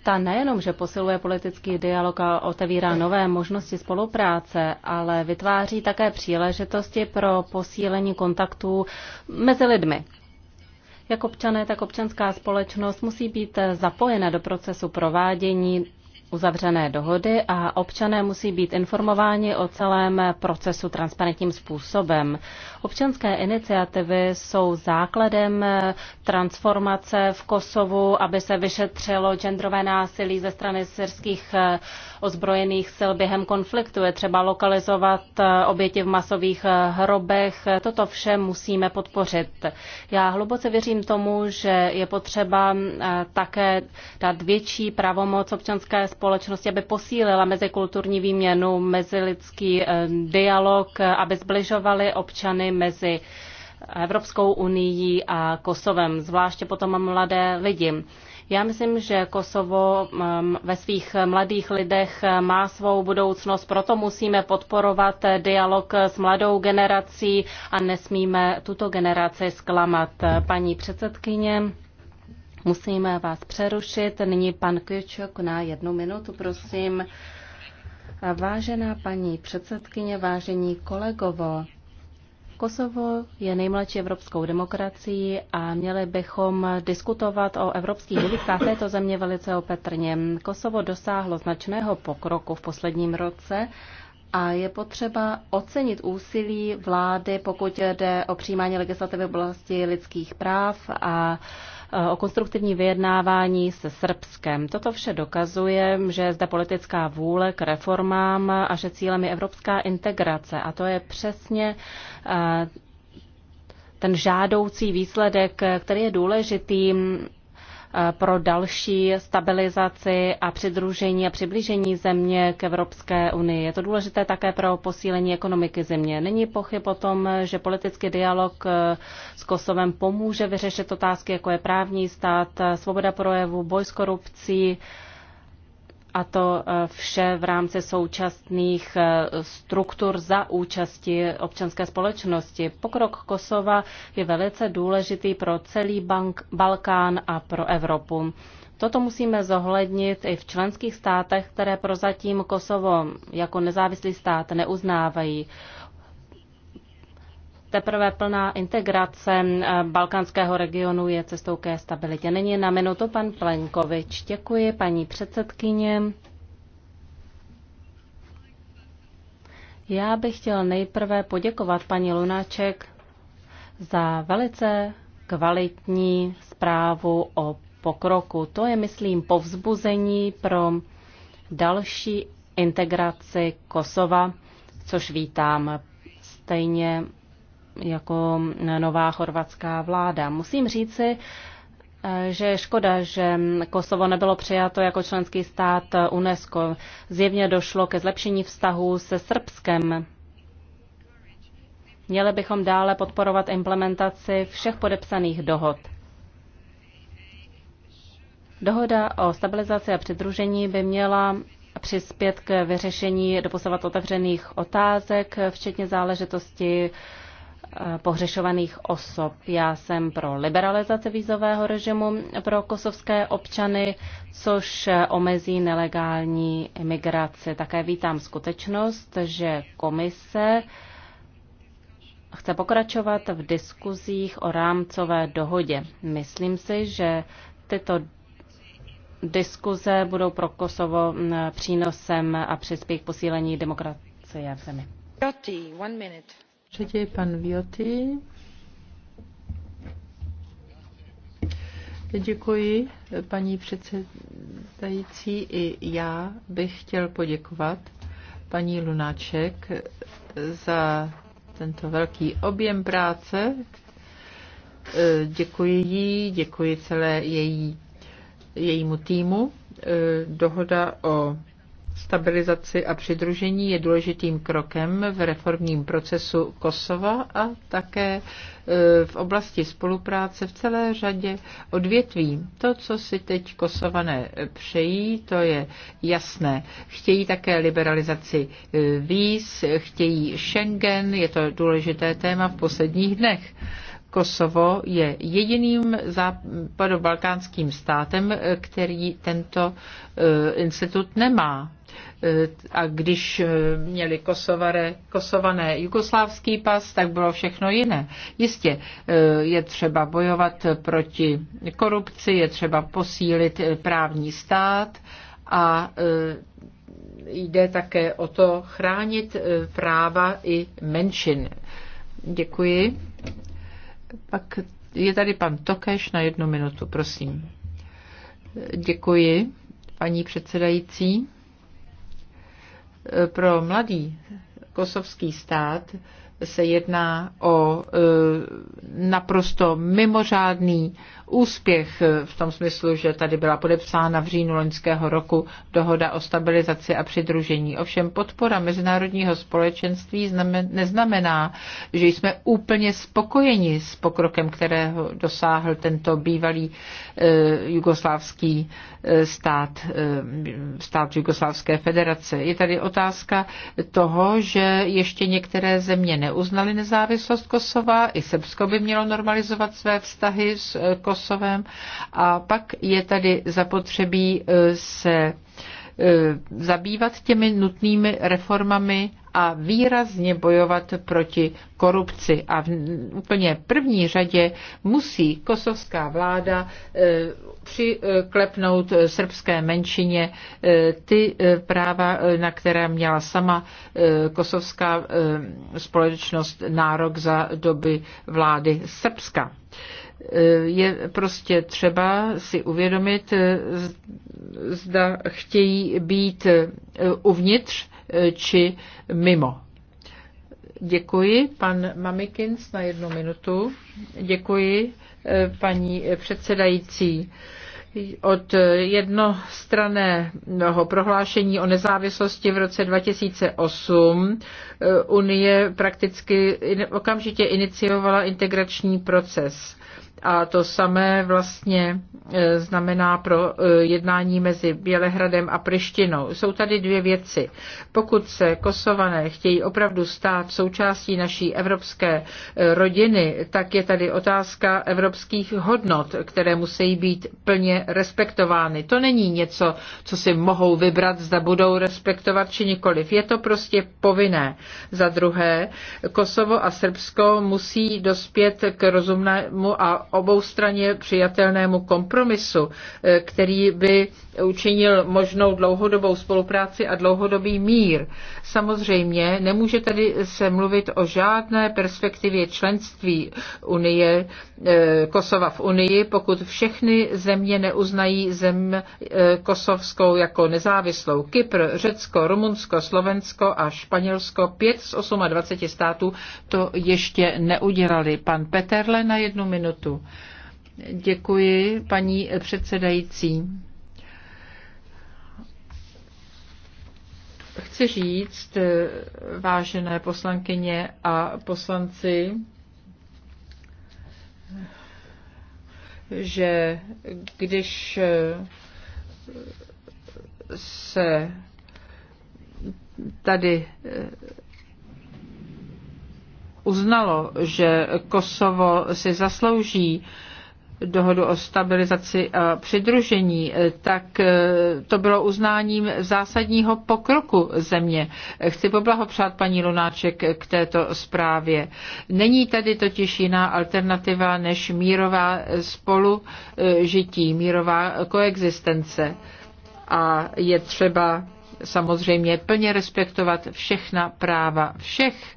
Ta nejenom, že posiluje politický dialog a otevírá nové možnosti spolupráce, ale vytváří také příležitosti pro posílení kontaktů mezi lidmi. Jak občané, tak občanská společnost musí být zapojena do procesu provádění uzavřené dohody a občané musí být informováni o celém procesu transparentním způsobem. Občanské iniciativy jsou základem transformace v Kosovu, aby se vyšetřilo genderové násilí ze strany syrských ozbrojených sil během konfliktu. Je třeba lokalizovat eh, oběti v masových eh, hrobech. Toto vše musíme podpořit. Já hluboce věřím tomu, že je potřeba eh, také dát větší pravomoc občanské společnosti, aby posílila mezikulturní výměnu, mezilidský dialog, aby zbližovali občany mezi Evropskou unii a Kosovem, zvláště potom mladé lidi. Já myslím, že Kosovo mm, ve svých mladých lidech eh, má svou budoucnost, proto musíme podporovat eh, dialog eh, s mladou generací a nesmíme tuto generaci zklamat. Paní předsedkyně, musíme vás přerušit. Nyní pan Kjučok na jednu minutu, prosím. Vážená paní předsedkyně, vážení kolegovo, Kosovo je nejmladší evropskou demokracií a měli bychom diskutovat o evropských hlubinách této země velice opatrně. Kosovo dosáhlo značného pokroku v posledním roce a je potřeba ocenit úsilí vlády, pokud jde o přijímání legislativy v oblasti lidských práv a uh, Eh, o konstruktivní vyjednávání se Srbskem. Toto vše dokazuje, že je zde politická vůle k reformám a že cílem je evropská integrace. A to je přesně eh, ten žádoucí výsledek, který je důležitý Eh, pro další stabilizaci a přidružení a přiblížení země k Evropské unii. Je to důležité také pro posílení ekonomiky země. Není pochyb o tom, že politický dialog eh, s Kosovem pomůže vyřešit otázky, jako je právní stát, eh, svoboda projevu, boj s korupcí, a to eh, vše v rámci současných eh, struktur za účasti občanské společnosti. Pokrok Kosova je velice důležitý pro celý bank, Balkán a pro Evropu. Toto musíme zohlednit i v členských státech, které prozatím Kosovo jako nezávislý stát neuznávají. Teprve plná integrace eh, balkánského regionu je cestou ke stabilitě. Není na minutu pan Plenkovič. Děkuji, paní předsedkyně. Já bych chtěl nejprve poděkovat paní Lunáček za velice kvalitní zprávu o pokroku. To je, myslím, povzbuzení pro další integraci Kosova, což vítám. Stejně jako nová chorvatská vláda. Musím říci, že je škoda, že Kosovo nebylo přijato jako členský stát UNESCO. Zjevně došlo ke zlepšení vztahu se Srbskem. Měli bychom dále podporovat implementaci všech podepsaných dohod. Dohoda o stabilizaci a přidružení by měla přispět k vyřešení doposavat otevřených otázek, včetně záležitosti Eh, pohřešovaných osob. Já jsem pro liberalizaci vízového režimu pro kosovské občany, což omezí nelegální imigraci. Také vítám skutečnost, že komise chce pokračovat v diskuzích o rámcové dohodě. Myslím si, že tyto diskuze budou pro Kosovo přínosem a přispějí k posílení demokracie v zemi. One minute řadě je pan Vioty. Děkuji, paní předsedající. I já bych chtěl poděkovat paní Lunáček za tento velký objem práce. Děkuji jí, děkuji celé její, jejímu týmu. Dohoda o stabilizaci a přidružení je důležitým krokem v reformním procesu Kosova a také e, v oblasti spolupráce v celé řadě odvětví. To, co si teď Kosované přejí, to je jasné. Chtějí také liberalizaci e, víz, chtějí Schengen, je to důležité téma v posledních dnech. Kosovo je jediným západobalkánským státem, e, který tento institut nemá. A když měli Kosovare, Kosované jugoslávský pas, tak bylo všechno jiné. Jistě eh, je třeba bojovat proti korupci, je třeba posílit právní stát a eh, jde také o to chránit eh, práva i menšin. Děkuji. Pak je tady pan Tokeš na jednu minutu, prosím. Děkuji, paní předsedající. Pro mladý kosovský stát se jedná o e, naprosto mimořádný úspěch eh, v tom smyslu, že tady byla podepsána v říjnu loňského roku dohoda o stabilizaci a přidružení. Ovšem podpora mezinárodního společenství neznamená, že jsme úplně spokojeni s pokrokem, kterého dosáhl tento bývalý eh, jugoslávský eh, stát, stát Jugoslávské federace. Je tady otázka toho, že ještě některé země neuznaly nezávislost Kosova, i Srbsko by mělo normalizovat své vztahy s Kosovem, Kosovem. A pak je tady zapotřebí e, se e, zabývat těmi nutnými reformami a výrazně bojovat proti korupci. A v úplně první řadě musí kosovská vláda e, přiklepnout srbské menšině ty práva, na které měla sama kosovská společnost nárok za doby vlády Srbska je prostě třeba si uvědomit, zda chtějí být uvnitř či mimo. Děkuji. Pan Mamikins na jednu minutu. Děkuji, paní předsedající od jednostraného prohlášení o nezávislosti v roce 2008 Unie prakticky okamžitě iniciovala integrační proces. A to samé vlastně e, znamená pro e, jednání mezi Bělehradem a Prištinou. Jsou tady dvě věci. Pokud se Kosované chtějí opravdu stát součástí naší evropské e, rodiny, tak je tady otázka evropských hodnot, které musí být plně respektovány. To není něco, co si mohou vybrat, zda budou respektovat či nikoliv. Je to prostě povinné. Za druhé, Kosovo a Srbsko musí dospět k rozumnému a Oboustraně přijatelnému kompromisu, eh, který by učinil možnou dlouhodobou spolupráci a dlouhodobý mír. Samozřejmě nemůže tady se mluvit o žádné perspektivě členství Unie, eh, Kosova v Unii, pokud všechny země neuznají zem eh, kosovskou jako nezávislou. Kypr, Řecko, Rumunsko, Slovensko a Španělsko, pět z 28 států to ještě neudělali. Pan Peterle na jednu minutu. Děkuji, paní předsedající. Chci říct, eh, vážené poslankyně a poslanci, že když eh, se tady eh, uznalo, že Kosovo si zaslouží dohodu o stabilizaci a přidružení, tak eh, to bylo uznáním zásadního pokroku země. Chci poblahopřát paní Lunáček k této zprávě. Není tady totiž jiná alternativa než mírová spolužití, mírová koexistence. A je třeba samozřejmě plně respektovat všechna práva všech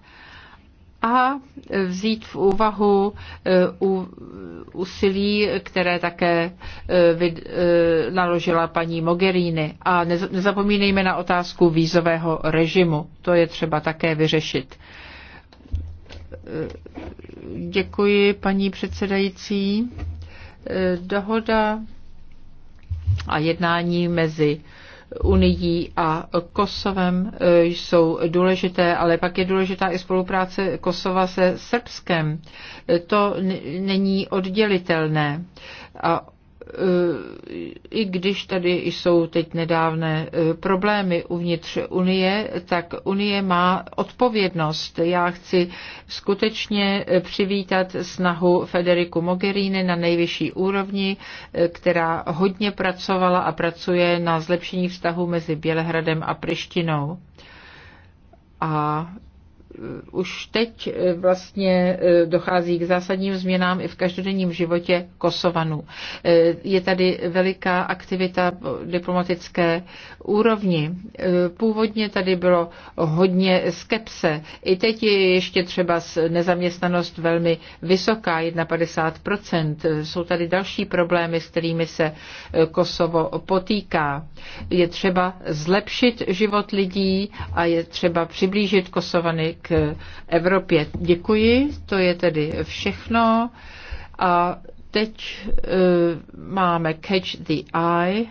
a vzít v úvahu e, úsilí, které také e, e, naložila paní Mogherini. A nezapomínejme na otázku vízového režimu. To je třeba také vyřešit. Děkuji, paní předsedající. Dohoda a jednání mezi Unií a Kosovem eh, jsou důležité, ale pak je důležitá i spolupráce Kosova se Srbskem. Eh, to není oddělitelné. A i když tady jsou teď nedávné e, problémy uvnitř Unie, tak Unie má odpovědnost. Já chci skutečně e, přivítat snahu Federiku Mogherini na nejvyšší úrovni, e, která hodně pracovala a pracuje na zlepšení vztahu mezi Bělehradem a Prištinou. A Eh, už teď eh, vlastně eh, dochází k zásadním změnám i v každodenním životě Kosovanů. Je tady veliká aktivita diplomatické úrovni. Původně tady bylo hodně skepse. I teď je ještě třeba nezaměstnanost velmi vysoká, 51%. Jsou tady další problémy, s kterými se Kosovo potýká. Je třeba zlepšit život lidí a je třeba přiblížit Kosovany k k Evropě. Děkuji, to je tedy všechno. A teď uh, máme Catch the Eye,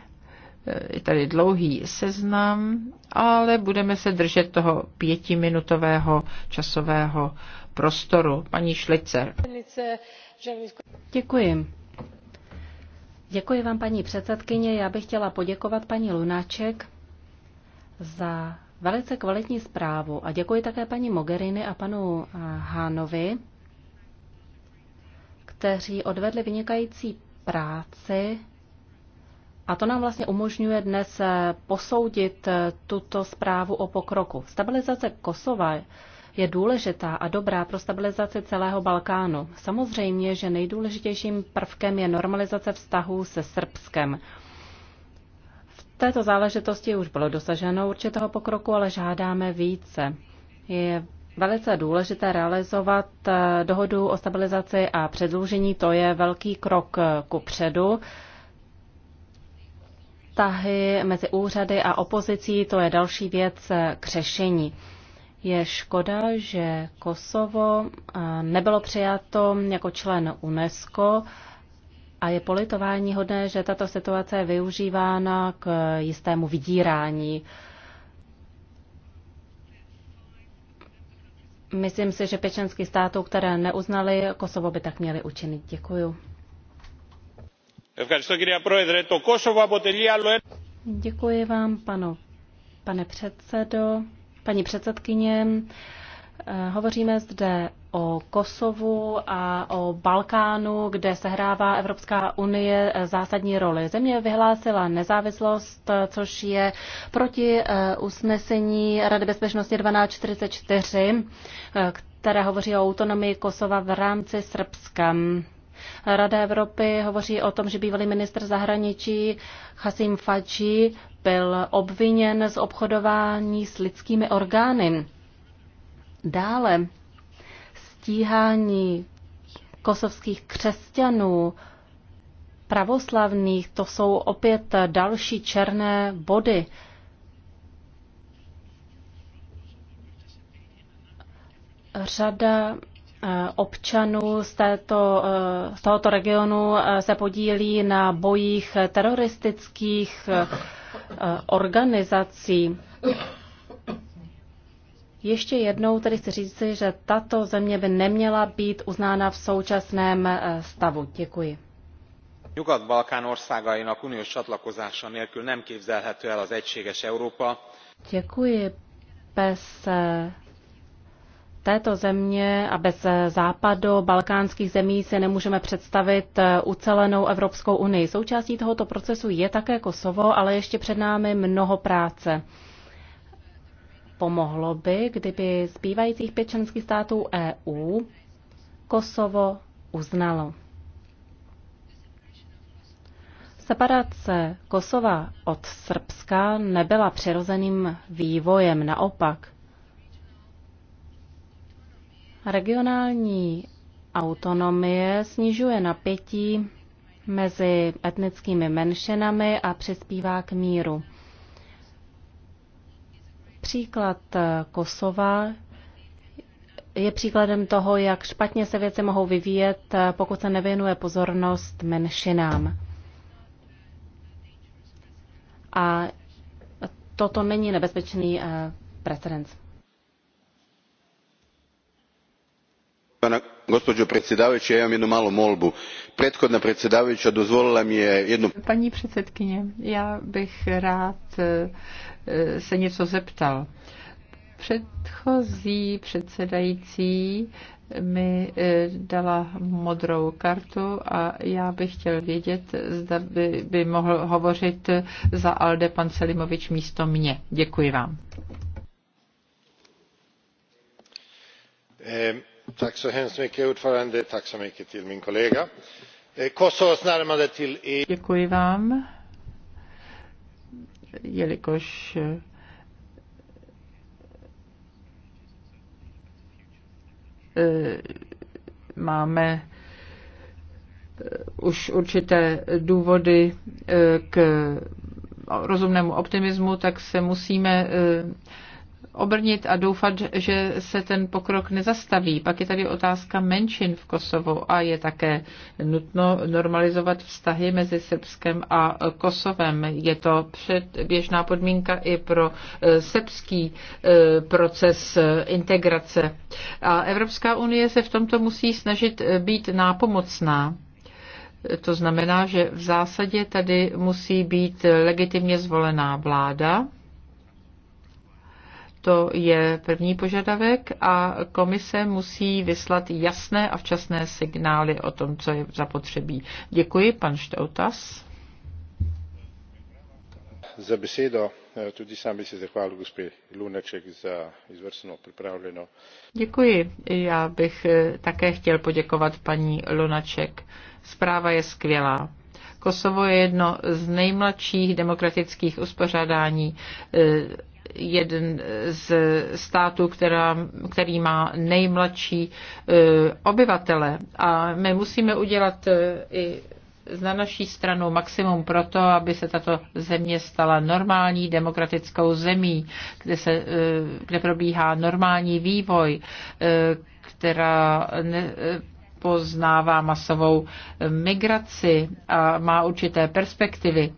je tady dlouhý seznam, ale budeme se držet toho pětiminutového časového prostoru. Paní Šlicer. Děkuji. Děkuji vám, paní předsedkyně. Já bych chtěla poděkovat paní Lunáček za velice kvalitní zprávu a děkuji také paní Mogherini a panu eh, Hánovi, kteří odvedli vynikající práci a to nám vlastně umožňuje dnes eh, posoudit eh, tuto zprávu o pokroku. Stabilizace Kosova je důležitá a dobrá pro stabilizaci celého Balkánu. Samozřejmě, že nejdůležitějším prvkem je normalizace vztahů se Srbskem této záležitosti už bylo dosaženo určitého pokroku, ale žádáme více. Je velice důležité realizovat eh, dohodu o stabilizaci a předlužení. To je velký krok eh, ku předu. Tahy mezi úřady a opozicí, to je další věc eh, k řešení. Je škoda, že Kosovo nebylo přijato jako člen UNESCO, a je politování hodné, že tato situace je využívána k jistému vydírání. Myslím si, že pečenský států, které neuznali Kosovo, by tak měly učinit. Děkuju. Děkuji vám, panu, pane předsedo, paní předsedkyně. Eh, hovoříme zde o Kosovu a o Balkánu, kde sehrává Evropská unie eh, zásadní roli. Země vyhlásila nezávislost, eh, což je proti usnesení Rady bezpečnosti 1244, které hovoří o autonomii Kosova v rámci Srbska. Rada Evropy hovoří o tom, že bývalý ministr zahraničí Hasim Fadži byl obviněn z obchodování s lidskými orgány. Dále stíhání kosovských křesťanů, pravoslavných, to jsou opět další černé body. Řada eh, občanů z, této, eh, z tohoto regionu eh, se podílí na bojích teroristických organizací. Ještě jednou tedy chci říct, že tato země by neměla být uznána v současném eh, stavu. Děkuji. Nyugat Balkán országainak uniós csatlakozása nélkül nem képzelhető el az egységes Európa. Děkuji. Bez eh, této země a bez eh, západu balkánských zemí se nemůžeme představit ucelenou Evropskou unii. Součástí tohoto procesu je také Kosovo, ale ještě před námi mnoho práce. Pomohlo by, kdyby zbývajících pět členských států EU Kosovo uznalo. Separace Kosova od Srbska nebyla přirozeným vývojem, naopak. Regionální autonomie snižuje napětí mezi etnickými menšinami a přispívá k míru. Příklad eh, Kosova je příkladem toho, jak špatně se věci mohou vyvíjet, eh, pokud se nevěnuje pozornost menšinám. A toto není nebezpečný eh, precedens. gospođo predsjedavajuća ja imam jednu malu molbu prethodna predsjedavajuća dozvolila mi je jednu paní předsedkyně já bych rád Eh, se něco zeptal. Předchozí předsedající mi eh, dala modrou kartu a já bych chtěl vědět, zda by, by mohl hovořit za Alde pan Selimovič místo mě. Děkuji vám. Eh, till min till EU. Děkuji vám jelikož eh, máme eh, už určité důvody eh, k rozumnému optimismu, tak se musíme obrnit a doufat, že se ten pokrok nezastaví. Pak je tady otázka menšin v Kosovu a je také nutno normalizovat vztahy mezi Srbskem a Kosovem. Je to předběžná podmínka i pro e, srbský e, proces e, integrace. A Evropská unie se v tomto musí snažit být nápomocná. To znamená, že v zásadě tady musí být legitimně zvolená vláda, to je první požadavek a komise musí vyslat jasné a včasné signály o tom, co je zapotřebí. Děkuji, pan Štoutas. Za besedo. Tudi sam bi se zahvalil gospe Lunaček za izvrstno připravenou. Děkuji. Já bych eh, také chtěl poděkovat paní Lunaček. Zpráva je skvělá. Kosovo je jedno z nejmladších demokratických uspořádání eh, jeden z států, která, který má nejmladší eh, obyvatele. A my musíme udělat eh, i na naší stranu maximum proto, aby se tato země stala normální demokratickou zemí, kde, se, eh, kde probíhá normální vývoj, která ne, poznává masovou migraci a má určité perspektivy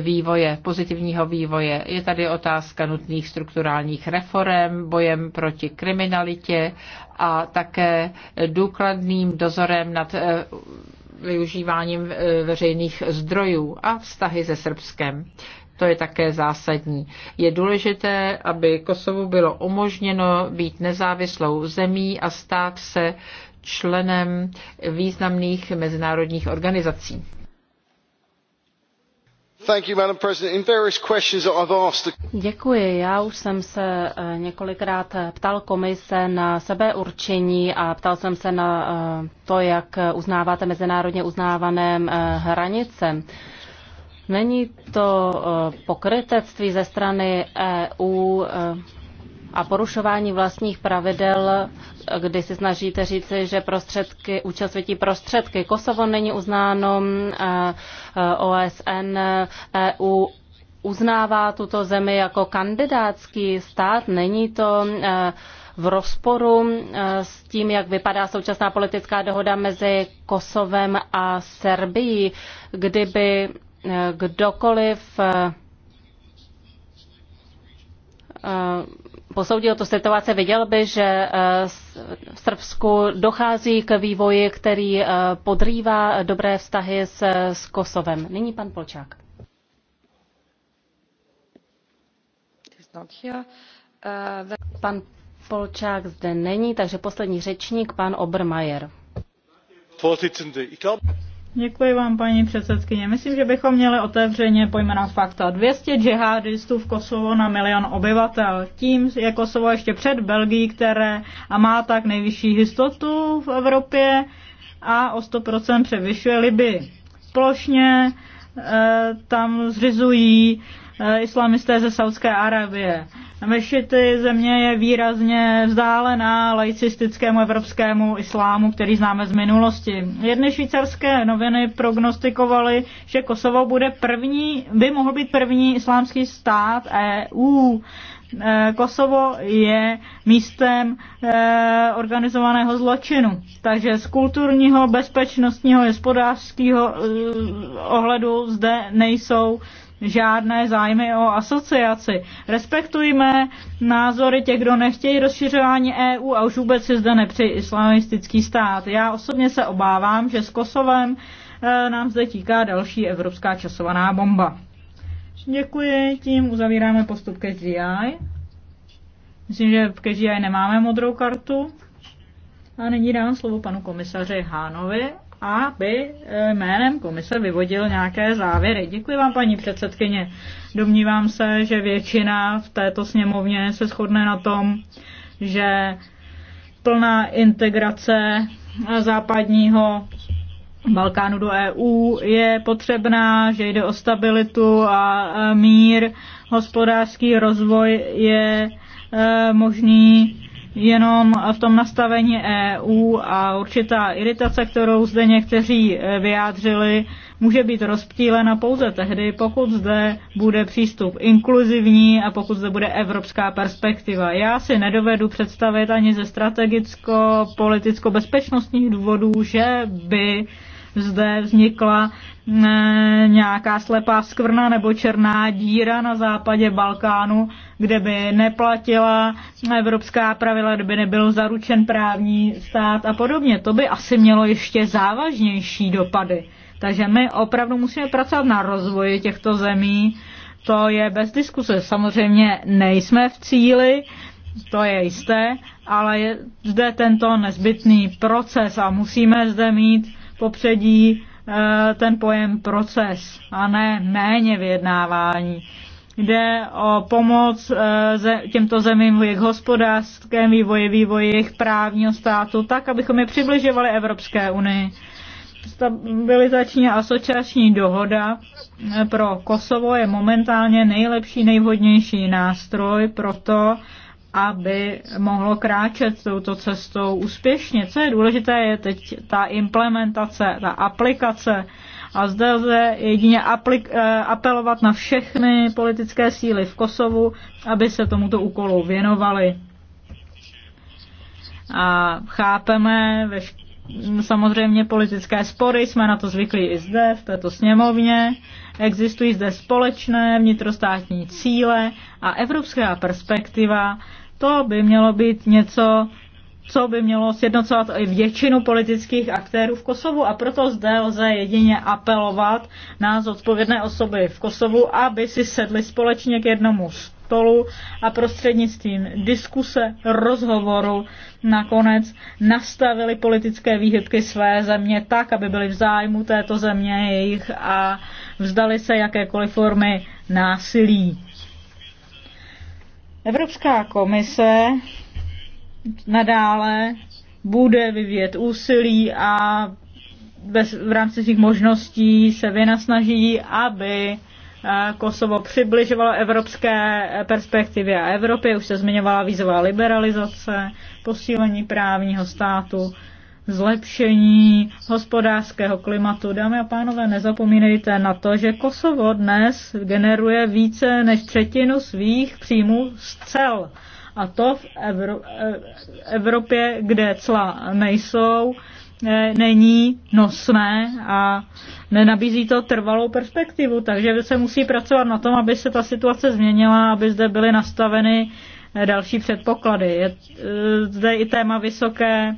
vývoje, pozitivního vývoje. Je tady otázka nutných strukturálních reform, bojem proti kriminalitě a také důkladným dozorem nad eh, využíváním eh, veřejných zdrojů a vztahy se Srbskem. To je také zásadní. Je důležité, aby Kosovu bylo umožněno být nezávislou zemí a stát se členem významných mezinárodních organizací. Děkuji. Já už jsem se eh, několikrát eh, ptal komise na sebeurčení a ptal jsem se na eh, to, jak uznáváte mezinárodně uznávané hranice. Není to pokrytectví ze strany EU a porušování vlastních pravidel, kdy si snažíte říci, že prostředky, účel světí prostředky. Kosovo není uznáno OSN, EU uznává tuto zemi jako kandidátský stát. Není to e, v rozporu e, s tím, jak vypadá současná politická dohoda mezi Kosovem a Serbií, kdyby e, kdokoliv posoudil tu situaci, viděl by, že eh, v Srbsku dochází k vývoji, který eh, podrývá dobré vztahy s, s Kosovem. Nyní pan Polčák. Eh, pan Polčák zde není, takže poslední řečník, pan Obermajer. Děkuji vám, paní předsedkyně. Myslím, že bychom měli otevřeně pojmenovat fakta. 200 džihadistů v Kosovo na milion obyvatel. Tím je Kosovo ještě před Belgií, které a má tak nejvyšší jistotu v Evropě a o 100% převyšuje Liby. Plošně e, tam zřizují e, islamisté ze Saudské Arabie. Mešity země je výrazně vzdálená laicistickému evropskému islámu, který známe z minulosti. Jedny švýcarské noviny prognostikovaly, že Kosovo bude první, by mohl být první islámský stát EU. E, Kosovo je místem e, organizovaného zločinu. Takže z kulturního, bezpečnostního, hospodářského e, ohledu zde nejsou žádné zájmy o asociaci. Respektujme názory těch, kdo nechtějí rozšiřování EU a už vůbec si zde nepřeji islamistický stát. Já osobně se obávám, že s Kosovem eh, nám zde tíká další evropská časovaná bomba. Děkuji, tím uzavíráme postup ke GI. Myslím, že v KGI nemáme modrou kartu. A nyní dám slovo panu komisaři Hánovi, aby e, jménem komise vyvodil nějaké závěry. Děkuji vám, paní předsedkyně. Domnívám se, že většina v této sněmovně se shodne na tom, že plná integrace západního Balkánu do EU je potřebná, že jde o stabilitu a e, mír, hospodářský rozvoj je e, možný jenom v tom nastavení EU a určitá iritace, kterou zde někteří eh, vyjádřili, může být rozptýlena pouze tehdy, pokud zde bude přístup inkluzivní a pokud zde bude evropská perspektiva. Já si nedovedu představit ani ze strategicko-politicko-bezpečnostních důvodů, že by zde vznikla eh, nějaká slepá skvrna nebo černá díra na západě Balkánu, kde by neplatila evropská pravidla, kde by nebyl zaručen právní stát a podobně. To by asi mělo ještě závažnější dopady. Takže my opravdu musíme pracovat na rozvoji těchto zemí. To je bez diskuse. Samozřejmě nejsme v cíli, to je jisté, ale je zde tento nezbytný proces a musíme zde mít popředí eh, ten pojem proces a ne méně vyjednávání. Jde o pomoc eh, těmto zemím v jejich hospodářském vývoji, vývoji jejich právního státu, tak, abychom je přibližovali Evropské unii. Stabilizační a asociační dohoda eh, pro Kosovo je momentálně nejlepší, nejvhodnější nástroj pro to, aby mohlo kráčet touto cestou úspěšně. Co je důležité, je teď ta implementace, ta aplikace. A zde lze jedině aplik, eh, apelovat na všechny politické síly v Kosovu, aby se tomuto úkolu věnovali. A chápeme veš- samozřejmě politické spory, jsme na to zvyklí i zde, v této sněmovně. Existují zde společné vnitrostátní cíle a evropská perspektiva to by mělo být něco, co by mělo sjednocovat i většinu politických aktérů v Kosovu a proto zde lze jedině apelovat na zodpovědné osoby v Kosovu, aby si sedli společně k jednomu stolu a prostřednictvím diskuse, rozhovoru nakonec nastavili politické výhybky své země tak, aby byly v zájmu této země jejich a vzdali se jakékoliv formy násilí. Evropská komise nadále bude vyvíjet úsilí a bez, v rámci svých možností se vynasnaží, aby eh, Kosovo přibližovalo evropské eh, perspektivě a Evropě. Už se zmiňovala vízová liberalizace, posílení právního státu zlepšení hospodářského klimatu. Dámy a pánové, nezapomínejte na to, že Kosovo dnes generuje více než třetinu svých příjmů z cel. A to v e- Evropě, kde cla nejsou, e, není nosné a nenabízí to trvalou perspektivu. Takže se musí pracovat na tom, aby se ta situace změnila, aby zde byly nastaveny další předpoklady. Je e, zde i téma vysoké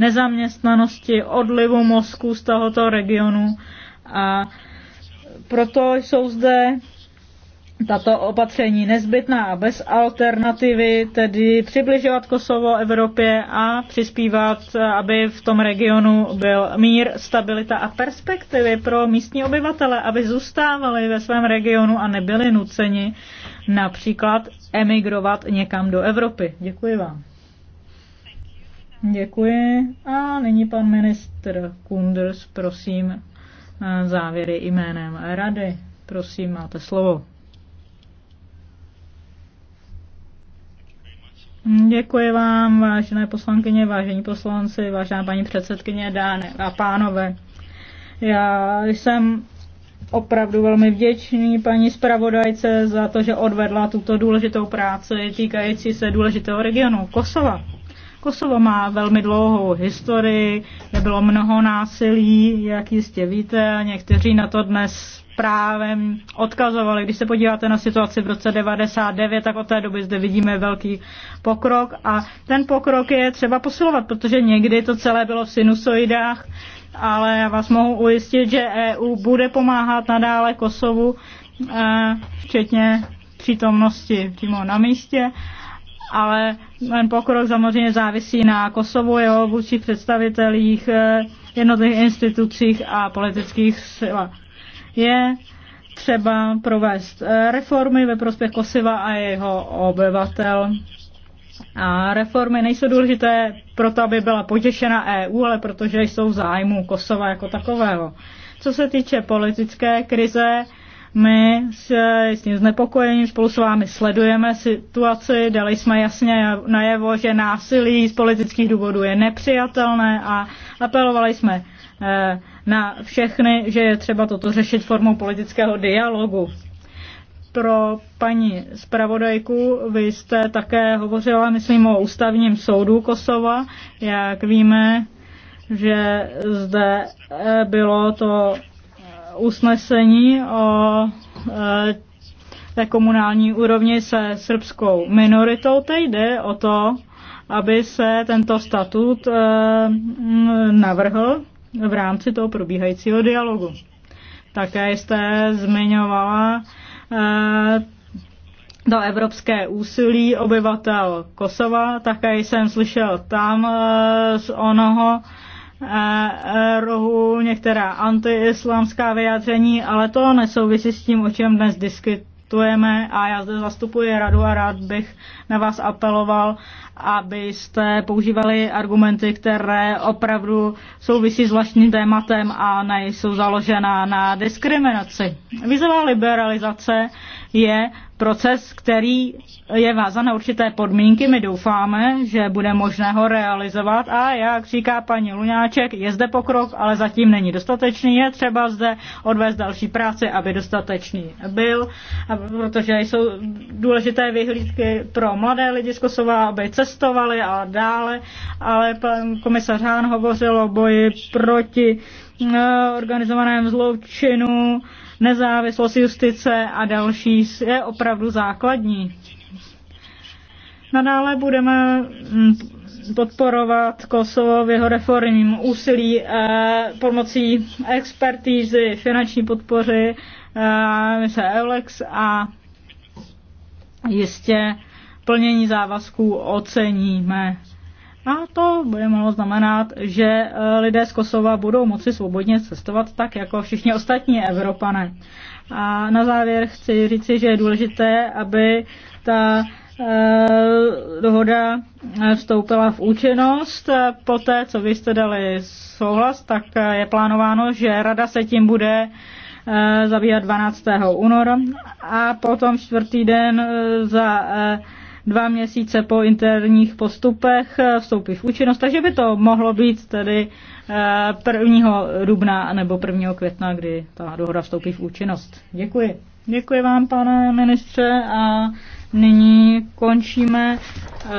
nezaměstnanosti, odlivu mozku z tohoto regionu a proto jsou zde tato opatření nezbytná a bez alternativy, tedy přibližovat Kosovo Evropě a přispívat, aby v tom regionu byl mír, stabilita a perspektivy pro místní obyvatele, aby zůstávali ve svém regionu a nebyli nuceni například emigrovat někam do Evropy. Děkuji vám. Děkuji. A nyní pan ministr Kunders, prosím, eh, závěry jménem rady. Prosím, máte slovo. Děkuji vám, vážené poslankyně, vážení poslanci, vážená paní předsedkyně, dány a pánové. Já jsem opravdu velmi vděčný paní zpravodajce za to, že odvedla tuto důležitou práci týkající se důležitého regionu Kosova. Kosovo má velmi dlouhou historii, nebylo mnoho násilí, jak jistě víte, a někteří na to dnes právě odkazovali. Když se podíváte na situaci v roce 99, tak od té doby zde vidíme velký pokrok a ten pokrok je třeba posilovat, protože někdy to celé bylo v sinusoidách, ale já vás mohu ujistit, že EU bude pomáhat nadále Kosovu, eh, včetně přítomnosti přímo na místě ale ten pokrok samozřejmě závisí na Kosovu, jeho vůči představitelích, eh, jednotlivých institucích a politických sil. Je třeba provést eh, reformy ve prospěch Kosova a jeho obyvatel. A reformy nejsou důležité proto, aby byla potěšena EU, ale protože jsou v zájmu Kosova jako takového. Co se týče politické krize, my se s tím znepokojením spolu s vámi sledujeme situaci, dali jsme jasně najevo, že násilí z politických důvodů je nepřijatelné a apelovali jsme eh, na všechny, že je třeba toto řešit formou politického dialogu. Pro paní zpravodajku, vy jste také hovořila, myslím, o ústavním soudu Kosova. Jak víme, že zde eh, bylo to usnesení o eh, té komunální úrovni se srbskou minoritou. Teď jde o to, aby se tento statut eh, mm, navrhl v rámci toho probíhajícího dialogu. Také jste zmiňovala do eh, evropské úsilí obyvatel Kosova. Také jsem slyšel tam z onoho rohu některá antiislámská vyjádření, ale to nesouvisí s tím, o čem dnes diskutujeme a já zde zastupuji radu a rád bych na vás apeloval, abyste používali argumenty, které opravdu souvisí s vlastním tématem a nejsou založená na diskriminaci. Vizová liberalizace je proces, který je vázan na určité podmínky. My doufáme, že bude možné ho realizovat a jak říká paní Luňáček, je zde pokrok, ale zatím není dostatečný. Je třeba zde odvést další práci, aby dostatečný byl, protože jsou důležité vyhlídky pro mladé lidi z Kosova, aby cestovali a dále, ale pan komisař Hán hovořil o boji proti eh, organizovaném zločinu, nezávislost justice a další je opravdu základní. Nadále budeme mm, podporovat Kosovo v jeho reformním úsilí eh, pomocí expertízy, finanční podpory, eh, mise Eulex a jistě plnění závazků oceníme a to bude mohlo znamenat, že e, lidé z Kosova budou moci svobodně cestovat tak, jako všichni ostatní Evropané. A na závěr chci říci, že je důležité, aby ta e, dohoda e, vstoupila v účinnost. Poté, co vy jste dali souhlas, tak je plánováno, že rada se tím bude zabývat 12. února a potom čtvrtý den za dva měsíce po interních postupech eh, vstoupí v účinnost, takže by to mohlo být tedy 1. Eh, dubna nebo 1. května, kdy ta dohoda vstoupí v účinnost. Děkuji. Děkuji vám, pane ministře, a nyní končíme